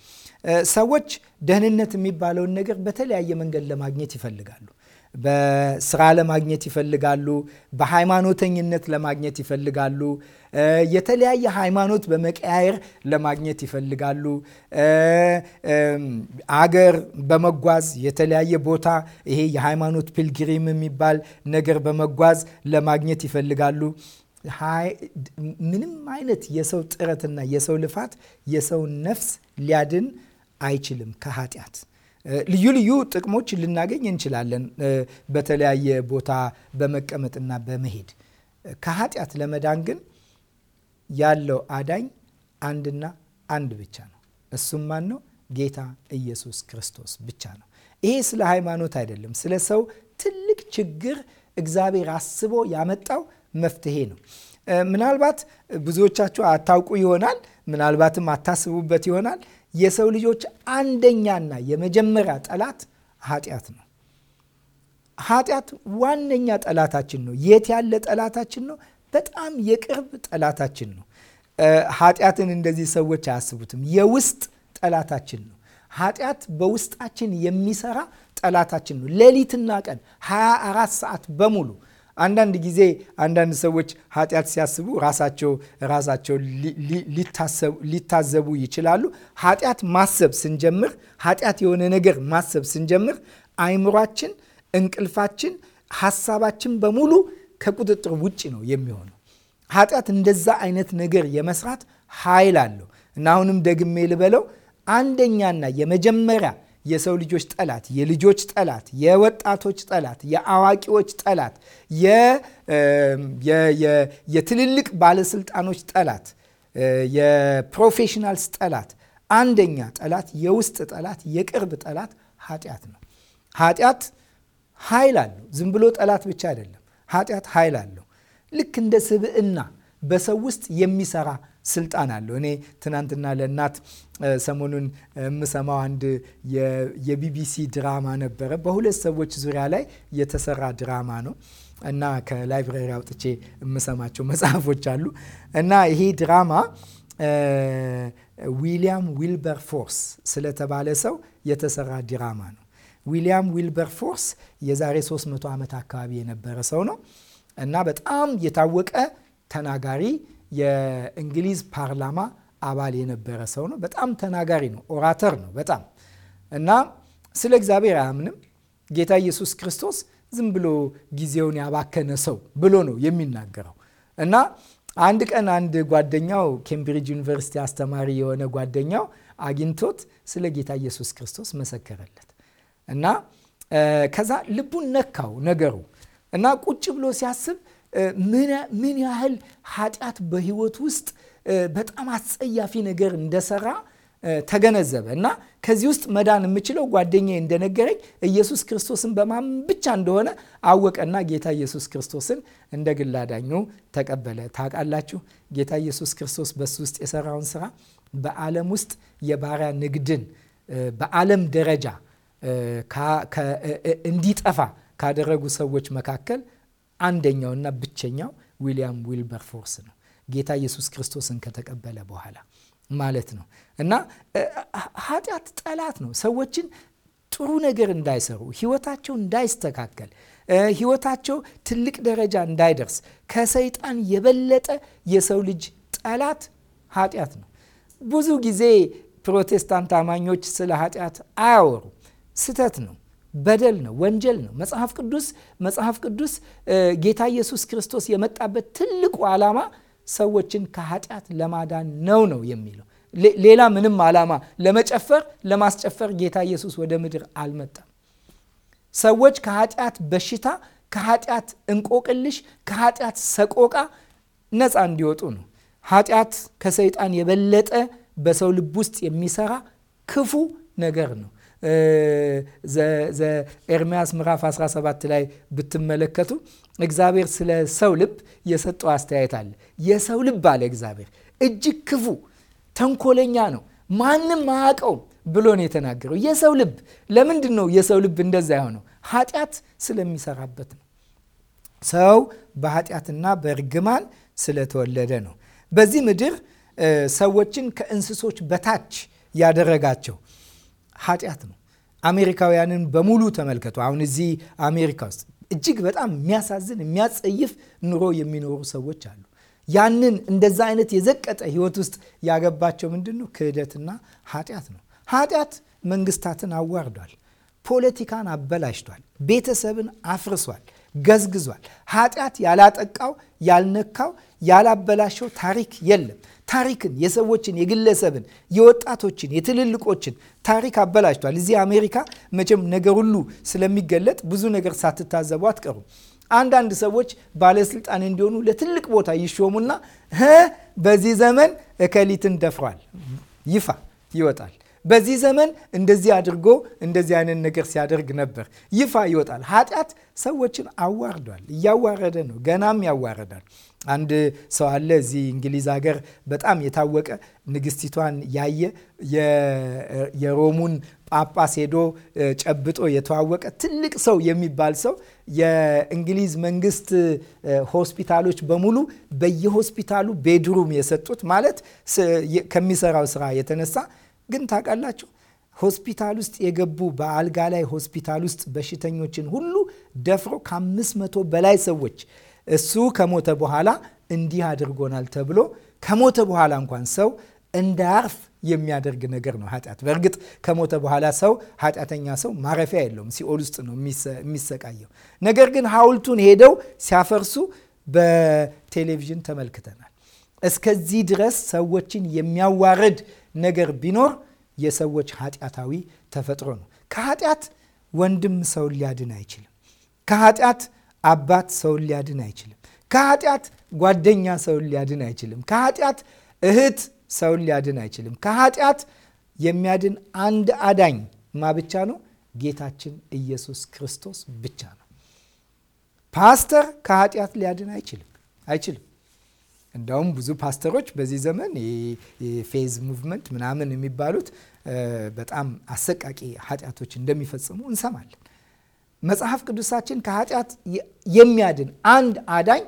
ሰዎች ደህንነት የሚባለውን ነገር በተለያየ መንገድ ለማግኘት ይፈልጋሉ። በስራ ለማግኘት ይፈልጋሉ፣ በሃይማኖተኝነት ለማግኘት ይፈልጋሉ፣ የተለያየ ሃይማኖት በመቀያየር ለማግኘት ይፈልጋሉ፣ አገር በመጓዝ የተለያየ ቦታ ይሄ የሃይማኖት ፒልግሪም የሚባል ነገር በመጓዝ ለማግኘት ይፈልጋሉ። ምንም አይነት የሰው ጥረትና የሰው ልፋት የሰውን ነፍስ ሊያድን አይችልም ከኃጢአት ልዩ ልዩ ጥቅሞች ልናገኝ እንችላለን በተለያየ ቦታ በመቀመጥና በመሄድ። ከኃጢአት ለመዳን ግን ያለው አዳኝ አንድና አንድ ብቻ ነው። እሱም ማን ነው? ጌታ ኢየሱስ ክርስቶስ ብቻ ነው። ይሄ ስለ ሃይማኖት አይደለም። ስለ ሰው ትልቅ ችግር እግዚአብሔር አስቦ ያመጣው መፍትሄ ነው። ምናልባት ብዙዎቻችሁ አታውቁ ይሆናል፣ ምናልባትም አታስቡበት ይሆናል። የሰው ልጆች አንደኛና የመጀመሪያ ጠላት ኃጢአት ነው። ኃጢአት ዋነኛ ጠላታችን ነው። የት ያለ ጠላታችን ነው? በጣም የቅርብ ጠላታችን ነው። ኃጢአትን እንደዚህ ሰዎች አያስቡትም። የውስጥ ጠላታችን ነው። ኃጢአት በውስጣችን የሚሰራ ጠላታችን ነው። ሌሊትና ቀን 24 ሰዓት በሙሉ አንዳንድ ጊዜ አንዳንድ ሰዎች ኃጢአት ሲያስቡ ራሳቸው ራሳቸው ሊታዘቡ ይችላሉ። ኃጢአት ማሰብ ስንጀምር፣ ኃጢአት የሆነ ነገር ማሰብ ስንጀምር አይምሯችን፣ እንቅልፋችን፣ ሀሳባችን በሙሉ ከቁጥጥር ውጭ ነው የሚሆነው። ኃጢአት እንደዛ አይነት ነገር የመስራት ኃይል አለው እና አሁንም ደግሜ ልበለው አንደኛና የመጀመሪያ የሰው ልጆች ጠላት፣ የልጆች ጠላት፣ የወጣቶች ጠላት፣ የአዋቂዎች ጠላት፣ የትልልቅ ባለስልጣኖች ጠላት፣ የፕሮፌሽናልስ ጠላት፣ አንደኛ ጠላት፣ የውስጥ ጠላት፣ የቅርብ ጠላት ኃጢአት ነው። ኃጢአት ኃይል አለው። ዝም ብሎ ጠላት ብቻ አይደለም። ኃጢአት ኃይል አለው። ልክ እንደ ስብዕና በሰው ውስጥ የሚሰራ ስልጣን አለው። እኔ ትናንትና ለእናት ሰሞኑን የምሰማው አንድ የቢቢሲ ድራማ ነበረ። በሁለት ሰዎች ዙሪያ ላይ የተሰራ ድራማ ነው እና ከላይብራሪ አውጥቼ የምሰማቸው መጽሐፎች አሉ እና ይሄ ድራማ ዊሊያም ዊልበር ፎርስ ስለተባለ ሰው የተሰራ ድራማ ነው። ዊሊያም ዊልበር ፎርስ የዛሬ 300 ዓመት አካባቢ የነበረ ሰው ነው እና በጣም የታወቀ ተናጋሪ የእንግሊዝ ፓርላማ አባል የነበረ ሰው ነው። በጣም ተናጋሪ ነው። ኦራተር ነው በጣም እና ስለ እግዚአብሔር አያምንም። ጌታ ኢየሱስ ክርስቶስ ዝም ብሎ ጊዜውን ያባከነ ሰው ብሎ ነው የሚናገረው እና አንድ ቀን አንድ ጓደኛው ኬምብሪጅ ዩኒቨርሲቲ አስተማሪ የሆነ ጓደኛው አግኝቶት ስለ ጌታ ኢየሱስ ክርስቶስ መሰከረለት እና ከዛ ልቡን ነካው ነገሩ እና ቁጭ ብሎ ሲያስብ ምን ያህል ኃጢአት በህይወት ውስጥ በጣም አስጸያፊ ነገር እንደሰራ ተገነዘበ እና ከዚህ ውስጥ መዳን የምችለው ጓደኛዬ እንደነገረኝ ኢየሱስ ክርስቶስን በማመን ብቻ እንደሆነ አወቀና ጌታ ኢየሱስ ክርስቶስን እንደ ግል አዳኙ ተቀበለ። ታውቃላችሁ ጌታ ኢየሱስ ክርስቶስ በሱ ውስጥ የሰራውን ስራ በዓለም ውስጥ የባሪያ ንግድን በዓለም ደረጃ እንዲጠፋ ካደረጉ ሰዎች መካከል አንደኛውና ብቸኛው ዊሊያም ዊልበርፎርስ ነው። ጌታ ኢየሱስ ክርስቶስን ከተቀበለ በኋላ ማለት ነው። እና ኃጢአት ጠላት ነው። ሰዎችን ጥሩ ነገር እንዳይሰሩ፣ ህይወታቸው እንዳይስተካከል፣ ህይወታቸው ትልቅ ደረጃ እንዳይደርስ ከሰይጣን የበለጠ የሰው ልጅ ጠላት ኃጢአት ነው። ብዙ ጊዜ ፕሮቴስታንት አማኞች ስለ ኃጢአት አያወሩ። ስተት ነው። በደል ነው፣ ወንጀል ነው። መጽሐፍ ቅዱስ መጽሐፍ ቅዱስ ጌታ ኢየሱስ ክርስቶስ የመጣበት ትልቁ ዓላማ ሰዎችን ከኃጢአት ለማዳን ነው ነው የሚለው ሌላ ምንም ዓላማ ለመጨፈር ለማስጨፈር ጌታ ኢየሱስ ወደ ምድር አልመጣም። ሰዎች ከኃጢአት በሽታ፣ ከኃጢአት እንቆቅልሽ፣ ከኃጢአት ሰቆቃ ነፃ እንዲወጡ ነው። ኃጢአት ከሰይጣን የበለጠ በሰው ልብ ውስጥ የሚሰራ ክፉ ነገር ነው። ኤርሚያስ ምዕራፍ 17 ላይ ብትመለከቱ እግዚአብሔር ስለ ሰው ልብ የሰጠው አስተያየት አለ። የሰው ልብ አለ እግዚአብሔር እጅግ ክፉ ተንኮለኛ ነው፣ ማንም አያውቀውም ብሎ ነው የተናገረው። የሰው ልብ ለምንድን ነው የሰው ልብ እንደዛ የሆነው? ኃጢአት ስለሚሰራበት ነው። ሰው በኃጢአትና በእርግማን ስለተወለደ ነው። በዚህ ምድር ሰዎችን ከእንስሶች በታች ያደረጋቸው ኃጢአት ነው። አሜሪካውያንን በሙሉ ተመልከቱ። አሁን እዚህ አሜሪካ ውስጥ እጅግ በጣም የሚያሳዝን የሚያጸይፍ ኑሮ የሚኖሩ ሰዎች አሉ። ያንን እንደዛ አይነት የዘቀጠ ህይወት ውስጥ ያገባቸው ምንድን ነው? ክህደትና ኃጢአት ነው። ኃጢአት መንግስታትን አዋርዷል። ፖለቲካን አበላሽቷል። ቤተሰብን አፍርሷል፣ ገዝግዟል። ኃጢአት ያላጠቃው ያልነካው ያላበላሸው ታሪክ የለም። ታሪክን፣ የሰዎችን፣ የግለሰብን፣ የወጣቶችን፣ የትልልቆችን ታሪክ አበላሽቷል። እዚህ አሜሪካ መቼም ነገር ሁሉ ስለሚገለጥ ብዙ ነገር ሳትታዘቡ አትቀሩም። አንዳንድ ሰዎች ባለስልጣን እንዲሆኑ ለትልቅ ቦታ ይሾሙና በዚህ ዘመን እከሊትን ደፍሯል ይፋ ይወጣል። በዚህ ዘመን እንደዚህ አድርጎ እንደዚህ አይነት ነገር ሲያደርግ ነበር ይፋ ይወጣል። ኃጢአት ሰዎችን አዋርዷል፣ እያዋረደ ነው፣ ገናም ያዋረዳል። አንድ ሰው አለ እዚህ እንግሊዝ ሀገር በጣም የታወቀ ንግስቲቷን ያየ የሮሙን ጳጳስ ሄዶ ጨብጦ የተዋወቀ ትልቅ ሰው የሚባል ሰው የእንግሊዝ መንግስት ሆስፒታሎች በሙሉ በየሆስፒታሉ ቤድሩም የሰጡት ማለት ከሚሰራው ስራ የተነሳ ግን ታውቃላችሁ ሆስፒታል ውስጥ የገቡ በአልጋ ላይ ሆስፒታል ውስጥ በሽተኞችን ሁሉ ደፍሮ ከአምስት መቶ በላይ ሰዎች እሱ ከሞተ በኋላ እንዲህ አድርጎናል ተብሎ ከሞተ በኋላ እንኳን ሰው እንዳያርፍ የሚያደርግ ነገር ነው ኃጢአት። በእርግጥ ከሞተ በኋላ ሰው ኃጢአተኛ ሰው ማረፊያ የለውም፣ ሲኦል ውስጥ ነው የሚሰቃየው። ነገር ግን ሐውልቱን ሄደው ሲያፈርሱ በቴሌቪዥን ተመልክተናል። እስከዚህ ድረስ ሰዎችን የሚያዋርድ ነገር ቢኖር የሰዎች ኃጢአታዊ ተፈጥሮ ነው። ከኃጢአት ወንድም ሰውን ሊያድን አይችልም። ከኃጢአት አባት ሰውን ሊያድን አይችልም። ከኃጢአት ጓደኛ ሰውን ሊያድን አይችልም። ከኃጢአት እህት ሰውን ሊያድን አይችልም። ከኃጢአት የሚያድን አንድ አዳኝ ማ ብቻ ነው? ጌታችን ኢየሱስ ክርስቶስ ብቻ ነው። ፓስተር ከኃጢአት ሊያድን አይችልም አይችልም። እንዳውም ብዙ ፓስተሮች በዚህ ዘመን የፌዝ ሙቭመንት ምናምን የሚባሉት በጣም አሰቃቂ ኃጢአቶች እንደሚፈጽሙ እንሰማለን። መጽሐፍ ቅዱሳችን ከኃጢአት የሚያድን አንድ አዳኝ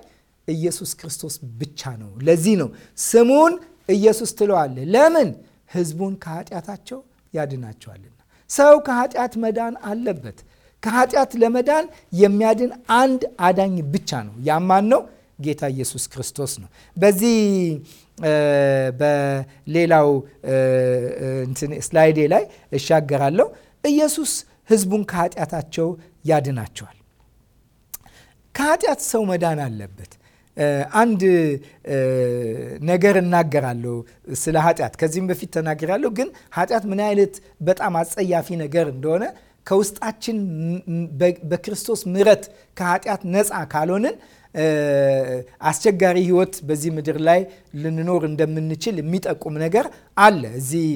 ኢየሱስ ክርስቶስ ብቻ ነው። ለዚህ ነው ስሙን ኢየሱስ ትለዋለ ለምን? ህዝቡን ከኃጢአታቸው ያድናቸዋልና። ሰው ከኃጢአት መዳን አለበት። ከኃጢአት ለመዳን የሚያድን አንድ አዳኝ ብቻ ነው። ያማን ነው ጌታ ኢየሱስ ክርስቶስ ነው። በዚህ በሌላው ስላይዴ ላይ እሻገራለሁ። ኢየሱስ ህዝቡን ከኃጢአታቸው ያድናቸዋል። ከኃጢአት ሰው መዳን አለበት። አንድ ነገር እናገራለሁ ስለ ኃጢአት። ከዚህም በፊት ተናግራለሁ፣ ግን ኃጢአት ምን አይነት በጣም አጸያፊ ነገር እንደሆነ ከውስጣችን በክርስቶስ ምረት ከኃጢአት ነፃ ካልሆንን አስቸጋሪ ህይወት በዚህ ምድር ላይ ልንኖር እንደምንችል የሚጠቁም ነገር አለ። እዚህ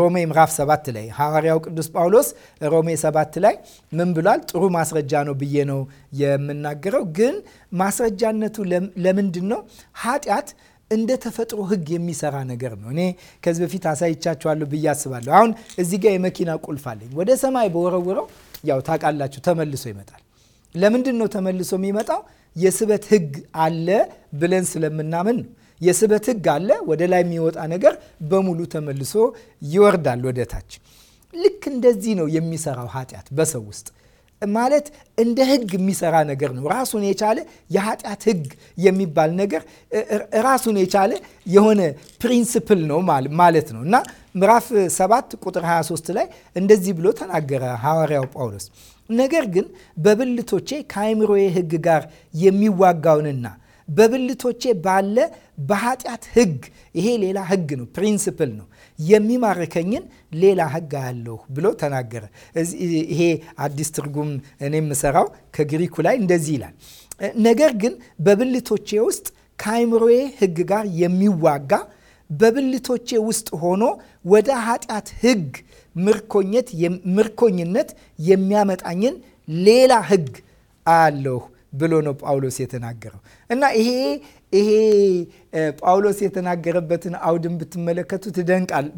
ሮሜ ምዕራፍ 7 ላይ ሐዋርያው ቅዱስ ጳውሎስ ሮሜ 7 ላይ ምን ብሏል? ጥሩ ማስረጃ ነው ብዬ ነው የምናገረው። ግን ማስረጃነቱ ለምንድን ነው? ኃጢአት እንደ ተፈጥሮ ህግ የሚሰራ ነገር ነው። እኔ ከዚህ በፊት አሳይቻችኋለሁ ብዬ አስባለሁ። አሁን እዚህ ጋር የመኪና ቁልፍ አለኝ። ወደ ሰማይ በወረውረው ያው ታውቃላችሁ፣ ተመልሶ ይመጣል። ለምንድን ነው ተመልሶ የሚመጣው? የስበት ህግ አለ ብለን ስለምናምን ነው። የስበት ህግ አለ። ወደ ላይ የሚወጣ ነገር በሙሉ ተመልሶ ይወርዳል ወደ ታች። ልክ እንደዚህ ነው የሚሰራው ኃጢአት በሰው ውስጥ ማለት እንደ ህግ የሚሰራ ነገር ነው። ራሱን የቻለ የኃጢአት ህግ የሚባል ነገር ራሱን የቻለ የሆነ ፕሪንስፕል ነው ማለት ነው እና ምዕራፍ 7 ቁጥር 23 ላይ እንደዚህ ብሎ ተናገረ ሐዋርያው ጳውሎስ ነገር ግን በብልቶቼ ከአይምሮዬ ሕግ ጋር የሚዋጋውንና በብልቶቼ ባለ በኃጢአት ሕግ ይሄ ሌላ ሕግ ነው፣ ፕሪንስፕል ነው የሚማርከኝን ሌላ ሕግ አያለሁ ብሎ ተናገረ። ይሄ አዲስ ትርጉም እኔ የምሰራው ከግሪኩ ላይ እንደዚህ ይላል። ነገር ግን በብልቶቼ ውስጥ ከአይምሮዬ ሕግ ጋር የሚዋጋ በብልቶቼ ውስጥ ሆኖ ወደ ኃጢአት ሕግ ምርኮኝነት የሚያመጣኝን ሌላ ህግ አለሁ ብሎ ነው ጳውሎስ የተናገረው እና ይሄ ይሄ ጳውሎስ የተናገረበትን አውድን ብትመለከቱ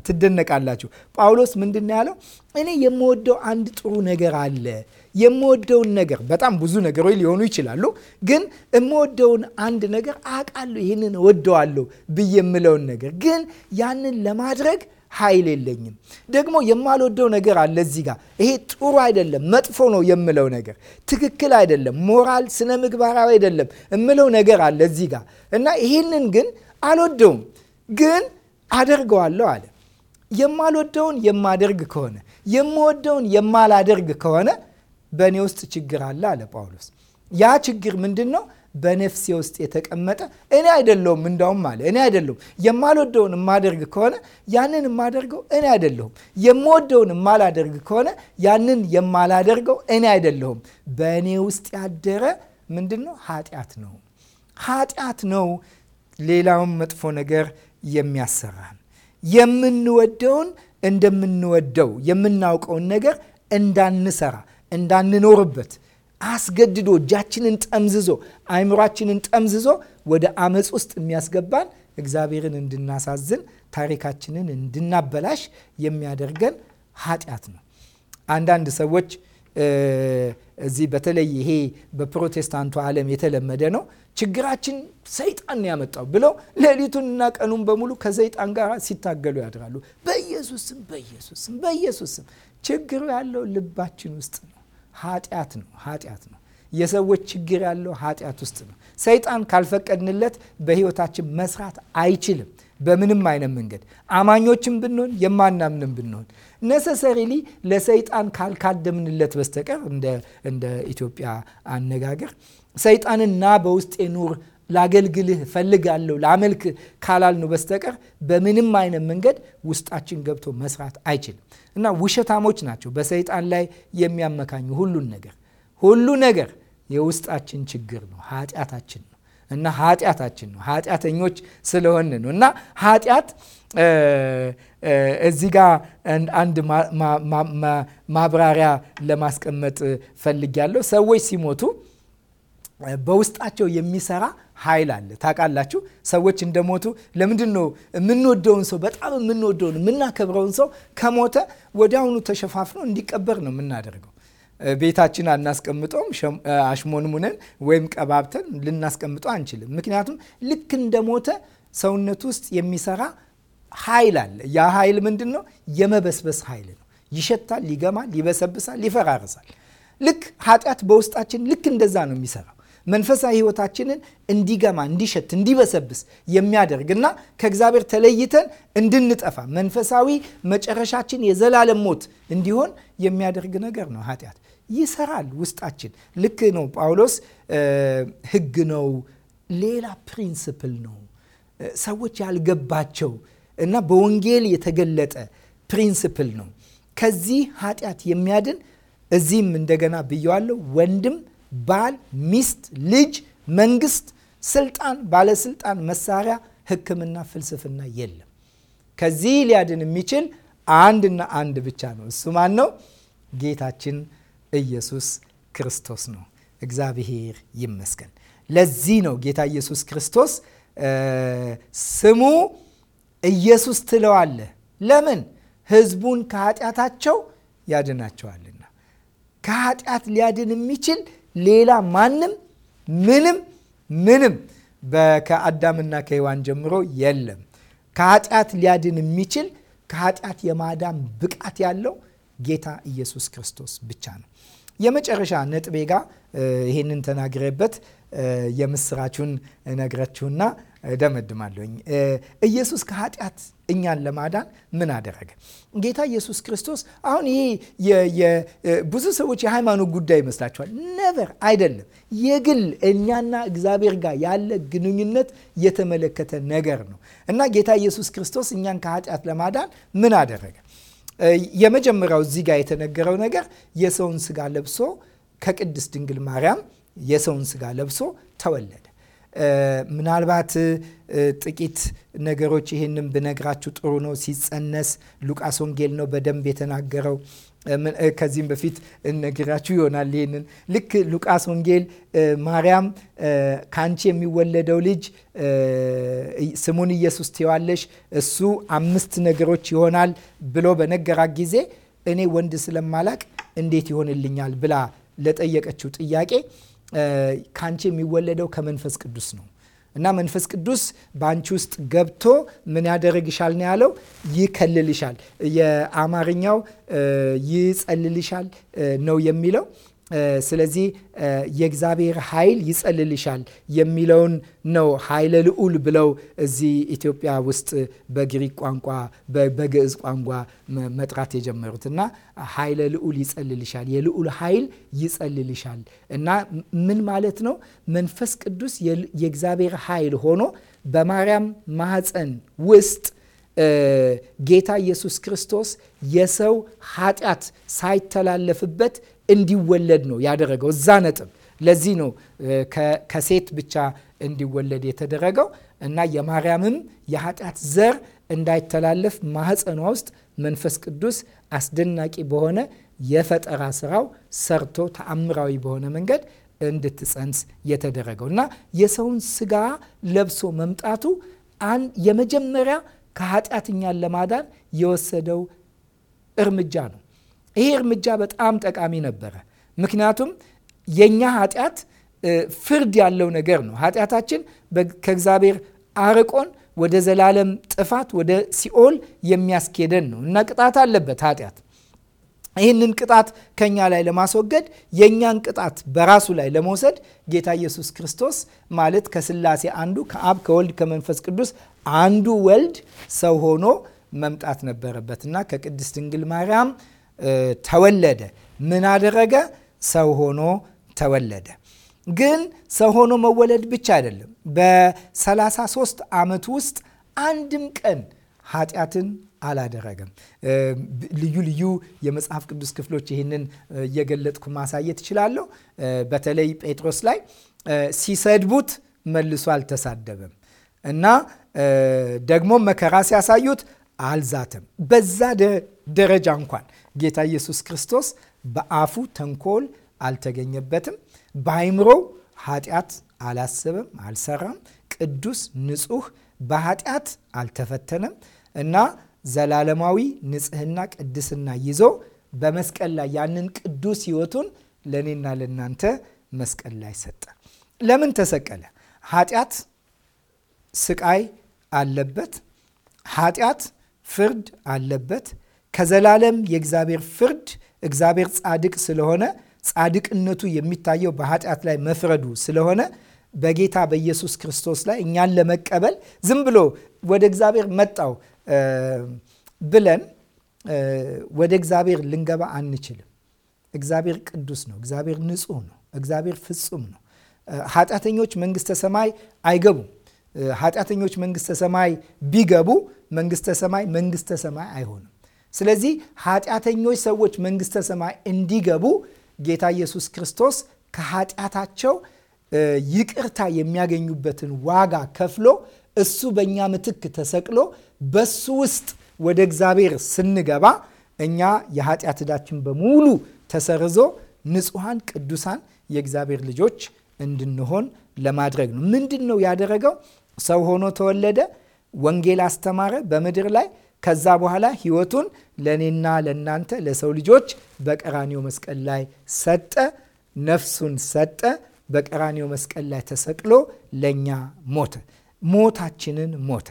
ትደነቃላችሁ። ጳውሎስ ምንድን ያለው? እኔ የምወደው አንድ ጥሩ ነገር አለ። የምወደውን ነገር በጣም ብዙ ነገሮች ሊሆኑ ይችላሉ፣ ግን የምወደውን አንድ ነገር አውቃለሁ። ይህንን እወደዋለሁ ብዬ የምለውን ነገር ግን ያንን ለማድረግ ኃይል የለኝም። ደግሞ የማልወደው ነገር አለ እዚህ ጋር። ይሄ ጥሩ አይደለም፣ መጥፎ ነው የምለው ነገር ትክክል አይደለም፣ ሞራል ስነ ምግባራዊ አይደለም የምለው ነገር አለ እዚህ ጋር እና ይህንን ግን አልወደውም፣ ግን አደርገዋለሁ አለ። የማልወደውን የማደርግ ከሆነ የምወደውን የማላደርግ ከሆነ በእኔ ውስጥ ችግር አለ አለ ጳውሎስ። ያ ችግር ምንድን ነው? በነፍሴ ውስጥ የተቀመጠ እኔ አይደለሁም። እንዳውም አለ እኔ አይደለሁም። የማልወደውን የማደርግ ከሆነ ያንን የማደርገው እኔ አይደለሁም። የምወደውን የማላደርግ ከሆነ ያንን የማላደርገው እኔ አይደለሁም። በእኔ ውስጥ ያደረ ምንድን ነው? ኃጢአት ነው። ኃጢአት ነው ሌላውን መጥፎ ነገር የሚያሰራን የምንወደውን እንደምንወደው የምናውቀውን ነገር እንዳንሰራ እንዳንኖርበት አስገድዶ እጃችንን ጠምዝዞ አይምሯችንን ጠምዝዞ ወደ አመፅ ውስጥ የሚያስገባን እግዚአብሔርን እንድናሳዝን ታሪካችንን እንድናበላሽ የሚያደርገን ኃጢአት ነው። አንዳንድ ሰዎች እዚህ በተለይ ይሄ በፕሮቴስታንቱ ዓለም የተለመደ ነው። ችግራችን ሰይጣን ነው ያመጣው ብለው ሌሊቱንና ቀኑን በሙሉ ከሰይጣን ጋር ሲታገሉ ያድራሉ። በኢየሱስም በኢየሱስም በኢየሱስም ችግሩ ያለው ልባችን ውስጥ ነው። ኃጢአት ነው። ኃጢአት ነው። የሰዎች ችግር ያለው ኃጢአት ውስጥ ነው። ሰይጣን ካልፈቀድንለት በሕይወታችን መስራት አይችልም። በምንም አይነት መንገድ አማኞችም ብንሆን የማናምንም ብንሆን ነሰሰሪሊ ለሰይጣን ካልካደምንለት በስተቀር እንደ ኢትዮጵያ አነጋገር ሰይጣንና በውስጤ ኑር ላገልግልህ ፈልጋለሁ ላመልክ ካላል ነው በስተቀር በምንም አይነት መንገድ ውስጣችን ገብቶ መስራት አይችልም እና ውሸታሞች ናቸው በሰይጣን ላይ የሚያመካኙ ሁሉን ነገር ሁሉ ነገር የውስጣችን ችግር ነው፣ ኃጢአታችን ነው እና ኃጢአታችን ነው ኃጢአተኞች ስለሆን ነው እና ኃጢአት እዚህ ጋ አንድ ማብራሪያ ለማስቀመጥ ፈልጊያለሁ። ሰዎች ሲሞቱ በውስጣቸው የሚሰራ ኃይል አለ። ታውቃላችሁ ሰዎች እንደሞቱ ለምንድን ነው የምንወደውን ሰው በጣም የምንወደውን የምናከብረውን ሰው ከሞተ ወዲያውኑ ተሸፋፍኖ እንዲቀበር ነው የምናደርገው። ቤታችን አናስቀምጠውም። አሽሞንሙነን ወይም ቀባብተን ልናስቀምጠው አንችልም። ምክንያቱም ልክ እንደሞተ ሰውነት ውስጥ የሚሰራ ኃይል አለ። ያ ኃይል ምንድን ነው? የመበስበስ ኃይል ነው። ይሸታል፣ ይገማል፣ ይበሰብሳል፣ ይፈራርሳል። ልክ ኃጢአት በውስጣችን ልክ እንደዛ ነው የሚሰራ መንፈሳዊ ህይወታችንን እንዲገማ፣ እንዲሸት፣ እንዲበሰብስ የሚያደርግ እና ከእግዚአብሔር ተለይተን እንድንጠፋ መንፈሳዊ መጨረሻችን የዘላለም ሞት እንዲሆን የሚያደርግ ነገር ነው ኃጢአት። ይሰራል ውስጣችን። ልክ ነው ጳውሎስ ህግ ነው፣ ሌላ ፕሪንስፕል ነው ሰዎች ያልገባቸው እና በወንጌል የተገለጠ ፕሪንስፕል ነው። ከዚህ ኃጢአት የሚያድን እዚህም እንደገና ብየዋለሁ ወንድም ባል፣ ሚስት፣ ልጅ፣ መንግስት፣ ስልጣን፣ ባለስልጣን፣ መሳሪያ፣ ህክምና ፍልስፍና የለም። ከዚህ ሊያድን የሚችል አንድና አንድ ብቻ ነው። እሱ ማን ነው? ጌታችን ኢየሱስ ክርስቶስ ነው። እግዚአብሔር ይመስገን። ለዚህ ነው ጌታ ኢየሱስ ክርስቶስ ስሙ ኢየሱስ ትለዋለህ። ለምን? ህዝቡን ከኃጢአታቸው ያድናቸዋልና። ከኃጢአት ሊያድን የሚችል ሌላ ማንም ምንም ምንም ከአዳምና ከሔዋን ጀምሮ የለም። ከኃጢአት ሊያድን የሚችል ከኃጢአት የማዳን ብቃት ያለው ጌታ ኢየሱስ ክርስቶስ ብቻ ነው። የመጨረሻ ነጥቤ ጋር ይሄንን ተናግሬበት የምስራችሁን ነግራችሁና እደመድማለሁኝ። ኢየሱስ ከኃጢአት እኛን ለማዳን ምን አደረገ? ጌታ ኢየሱስ ክርስቶስ አሁን ይሄ ብዙ ሰዎች የሃይማኖት ጉዳይ ይመስላችኋል ነበር አይደለም። የግል እኛና እግዚአብሔር ጋር ያለ ግንኙነት የተመለከተ ነገር ነው እና ጌታ ኢየሱስ ክርስቶስ እኛን ከኃጢአት ለማዳን ምን አደረገ? የመጀመሪያው እዚህ ጋር የተነገረው ነገር የሰውን ስጋ ለብሶ ከቅድስት ድንግል ማርያም የሰውን ስጋ ለብሶ ተወለደ። ምናልባት ጥቂት ነገሮች ይህንም ብነግራችሁ ጥሩ ነው። ሲጸነስ ሉቃስ ወንጌል ነው በደንብ የተናገረው። ከዚህም በፊት እነግራችሁ ይሆናል። ይህንን ልክ ሉቃስ ወንጌል ማርያም ከአንቺ የሚወለደው ልጅ ስሙን ኢየሱስ ትይዋለሽ፣ እሱ አምስት ነገሮች ይሆናል ብሎ በነገራት ጊዜ እኔ ወንድ ስለማላቅ እንዴት ይሆንልኛል ብላ ለጠየቀችው ጥያቄ ከአንቺ የሚወለደው ከመንፈስ ቅዱስ ነው እና መንፈስ ቅዱስ በአንቺ ውስጥ ገብቶ ምን ያደረግሻል ነው ያለው። ይከልልሻል፣ የአማርኛው ይጸልልሻል ነው የሚለው ስለዚህ የእግዚአብሔር ኃይል ይጸልልሻል የሚለውን ነው ኃይለ ልዑል ብለው እዚህ ኢትዮጵያ ውስጥ በግሪክ ቋንቋ በግዕዝ ቋንቋ መጥራት የጀመሩት እና ኃይለ ልዑል ይጸልልሻል፣ የልዑል ኃይል ይጸልልሻል እና ምን ማለት ነው? መንፈስ ቅዱስ የእግዚአብሔር ኃይል ሆኖ በማርያም ማህፀን ውስጥ ጌታ ኢየሱስ ክርስቶስ የሰው ኃጢአት ሳይተላለፍበት እንዲወለድ ነው ያደረገው። እዛ ነጥብ። ለዚህ ነው ከሴት ብቻ እንዲወለድ የተደረገው እና የማርያምም የኃጢአት ዘር እንዳይተላለፍ ማህፀኗ ውስጥ መንፈስ ቅዱስ አስደናቂ በሆነ የፈጠራ ስራው ሰርቶ ተአምራዊ በሆነ መንገድ እንድትጸንስ የተደረገው እና የሰውን ስጋ ለብሶ መምጣቱ የመጀመሪያ ከኃጢአተኛን ለማዳን የወሰደው እርምጃ ነው። ይሄ እርምጃ በጣም ጠቃሚ ነበረ። ምክንያቱም የእኛ ኃጢአት ፍርድ ያለው ነገር ነው። ኃጢአታችን ከእግዚአብሔር አርቆን ወደ ዘላለም ጥፋት ወደ ሲኦል የሚያስኬደን ነው እና ቅጣት አለበት ኃጢአት ይህንን ቅጣት ከኛ ላይ ለማስወገድ የእኛን ቅጣት በራሱ ላይ ለመውሰድ ጌታ ኢየሱስ ክርስቶስ ማለት ከስላሴ አንዱ ከአብ ከወልድ ከመንፈስ ቅዱስ አንዱ ወልድ ሰው ሆኖ መምጣት ነበረበት እና ከቅድስት ድንግል ማርያም ተወለደ። ምን አደረገ? ሰው ሆኖ ተወለደ። ግን ሰው ሆኖ መወለድ ብቻ አይደለም። በ33 ዓመት ውስጥ አንድም ቀን ኃጢአትን አላደረገም። ልዩ ልዩ የመጽሐፍ ቅዱስ ክፍሎች ይህንን እየገለጥኩ ማሳየት እችላለሁ። በተለይ ጴጥሮስ ላይ ሲሰድቡት መልሶ አልተሳደበም እና ደግሞ መከራ ሲያሳዩት አልዛተም በዛ ደረጃ እንኳን ጌታ ኢየሱስ ክርስቶስ በአፉ ተንኮል አልተገኘበትም። በአይምሮው ኃጢአት አላሰበም፣ አልሰራም። ቅዱስ፣ ንጹህ፣ በኃጢአት አልተፈተነም እና ዘላለማዊ ንጽህና፣ ቅድስና ይዞ በመስቀል ላይ ያንን ቅዱስ ህይወቱን ለእኔና ለእናንተ መስቀል ላይ ሰጠ። ለምን ተሰቀለ? ኃጢአት ስቃይ አለበት። ኃጢአት ፍርድ አለበት። ከዘላለም የእግዚአብሔር ፍርድ እግዚአብሔር ጻድቅ ስለሆነ ጻድቅነቱ የሚታየው በኃጢአት ላይ መፍረዱ ስለሆነ በጌታ በኢየሱስ ክርስቶስ ላይ እኛን ለመቀበል ዝም ብሎ ወደ እግዚአብሔር መጣው ብለን ወደ እግዚአብሔር ልንገባ አንችልም። እግዚአብሔር ቅዱስ ነው። እግዚአብሔር ንጹሕ ነው። እግዚአብሔር ፍጹም ነው። ኃጢአተኞች መንግስተ ሰማይ አይገቡም። ኃጢአተኞች መንግስተ ሰማይ ቢገቡ መንግስተ ሰማይ መንግስተ ሰማይ አይሆንም። ስለዚህ ኃጢአተኞች ሰዎች መንግስተ ሰማይ እንዲገቡ ጌታ ኢየሱስ ክርስቶስ ከኃጢአታቸው ይቅርታ የሚያገኙበትን ዋጋ ከፍሎ እሱ በእኛ ምትክ ተሰቅሎ በሱ ውስጥ ወደ እግዚአብሔር ስንገባ እኛ የኃጢአት ዕዳችን በሙሉ ተሰርዞ ንጹሐን ቅዱሳን የእግዚአብሔር ልጆች እንድንሆን ለማድረግ ነው። ምንድን ነው ያደረገው? ሰው ሆኖ ተወለደ፣ ወንጌል አስተማረ በምድር ላይ። ከዛ በኋላ ህይወቱን ለእኔና ለእናንተ ለሰው ልጆች በቀራኒው መስቀል ላይ ሰጠ። ነፍሱን ሰጠ። በቀራኒው መስቀል ላይ ተሰቅሎ ለእኛ ሞተ። ሞታችንን ሞተ።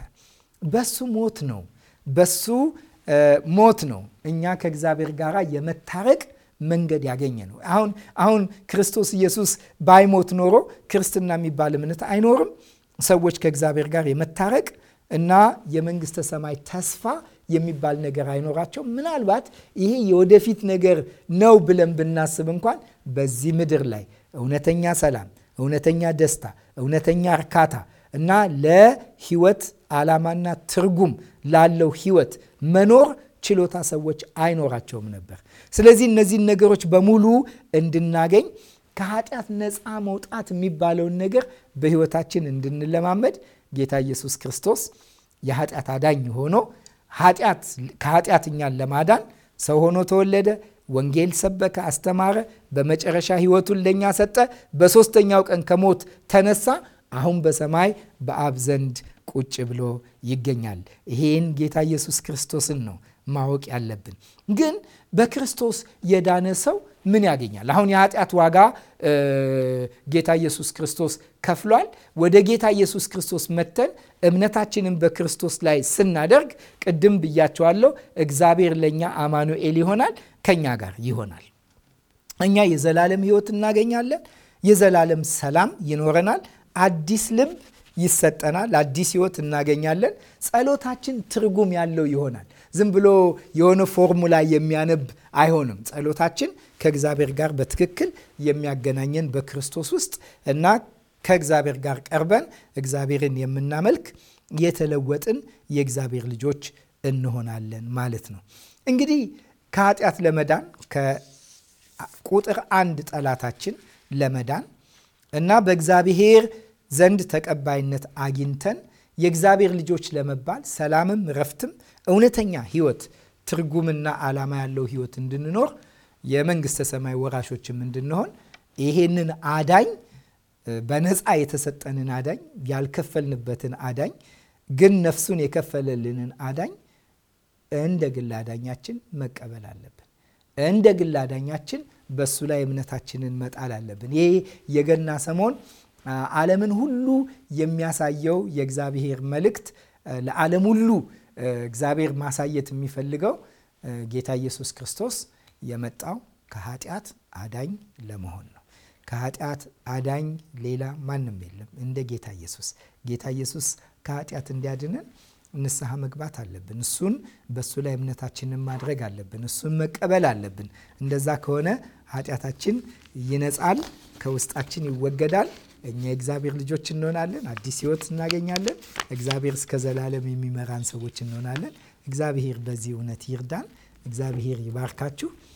በሱ ሞት ነው በሱ ሞት ነው እኛ ከእግዚአብሔር ጋር የመታረቅ መንገድ ያገኘ ነው። አሁን አሁን ክርስቶስ ኢየሱስ ባይሞት ኖሮ ክርስትና የሚባል እምነት አይኖርም። ሰዎች ከእግዚአብሔር ጋር የመታረቅ እና የመንግስተ ሰማይ ተስፋ የሚባል ነገር አይኖራቸው። ምናልባት ይሄ የወደፊት ነገር ነው ብለን ብናስብ እንኳን በዚህ ምድር ላይ እውነተኛ ሰላም፣ እውነተኛ ደስታ፣ እውነተኛ እርካታ እና ለህይወት ዓላማና ትርጉም ላለው ህይወት መኖር ችሎታ ሰዎች አይኖራቸውም ነበር። ስለዚህ እነዚህን ነገሮች በሙሉ እንድናገኝ ከኃጢአት ነፃ መውጣት የሚባለውን ነገር በህይወታችን እንድንለማመድ ጌታ ኢየሱስ ክርስቶስ የኃጢአት አዳኝ ሆኖ ከኃጢአት እኛን ለማዳን ሰው ሆኖ ተወለደ። ወንጌል ሰበከ፣ አስተማረ። በመጨረሻ ህይወቱን ለእኛ ሰጠ። በሶስተኛው ቀን ከሞት ተነሳ። አሁን በሰማይ በአብ ዘንድ ቁጭ ብሎ ይገኛል። ይሄን ጌታ ኢየሱስ ክርስቶስን ነው ማወቅ ያለብን። ግን በክርስቶስ የዳነ ሰው ምን ያገኛል? አሁን የኃጢአት ዋጋ ጌታ ኢየሱስ ክርስቶስ ከፍሏል። ወደ ጌታ ኢየሱስ ክርስቶስ መተን እምነታችንን በክርስቶስ ላይ ስናደርግ ቅድም ብያቸዋለሁ፣ እግዚአብሔር ለእኛ አማኑኤል ይሆናል፣ ከእኛ ጋር ይሆናል። እኛ የዘላለም ሕይወት እናገኛለን። የዘላለም ሰላም ይኖረናል። አዲስ ልብ ይሰጠናል። አዲስ ህይወት እናገኛለን። ጸሎታችን ትርጉም ያለው ይሆናል። ዝም ብሎ የሆነ ፎርሙላ የሚያነብ አይሆንም። ጸሎታችን ከእግዚአብሔር ጋር በትክክል የሚያገናኘን በክርስቶስ ውስጥ እና ከእግዚአብሔር ጋር ቀርበን እግዚአብሔርን የምናመልክ የተለወጥን የእግዚአብሔር ልጆች እንሆናለን ማለት ነው። እንግዲህ ከኃጢአት ለመዳን ከቁጥር አንድ ጠላታችን ለመዳን እና በእግዚአብሔር ዘንድ ተቀባይነት አግኝተን የእግዚአብሔር ልጆች ለመባል ሰላምም ረፍትም እውነተኛ ህይወት ትርጉምና ዓላማ ያለው ህይወት እንድንኖር የመንግስተ ሰማይ ወራሾችም እንድንሆን ይሄንን አዳኝ በነፃ የተሰጠንን አዳኝ ያልከፈልንበትን አዳኝ ግን ነፍሱን የከፈለልንን አዳኝ እንደ ግል አዳኛችን መቀበል አለብን። እንደ ግል አዳኛችን በሱ ላይ እምነታችንን መጣል አለብን። ይሄ የገና ሰሞን ዓለምን ሁሉ የሚያሳየው የእግዚአብሔር መልእክት ለዓለም ሁሉ እግዚአብሔር ማሳየት የሚፈልገው ጌታ ኢየሱስ ክርስቶስ የመጣው ከኃጢአት አዳኝ ለመሆን ነው። ከኃጢአት አዳኝ ሌላ ማንም የለም እንደ ጌታ ኢየሱስ። ጌታ ኢየሱስ ከኃጢአት እንዲያድንን ንስሐ መግባት አለብን። እሱን በእሱ ላይ እምነታችንን ማድረግ አለብን። እሱን መቀበል አለብን። እንደዛ ከሆነ ኃጢአታችን ይነጻል፣ ከውስጣችን ይወገዳል። እኛ የእግዚአብሔር ልጆች እንሆናለን። አዲስ ህይወት እናገኛለን። እግዚአብሔር እስከ ዘላለም የሚመራን ሰዎች እንሆናለን። እግዚአብሔር በዚህ እውነት ይርዳን። እግዚአብሔር ይባርካችሁ።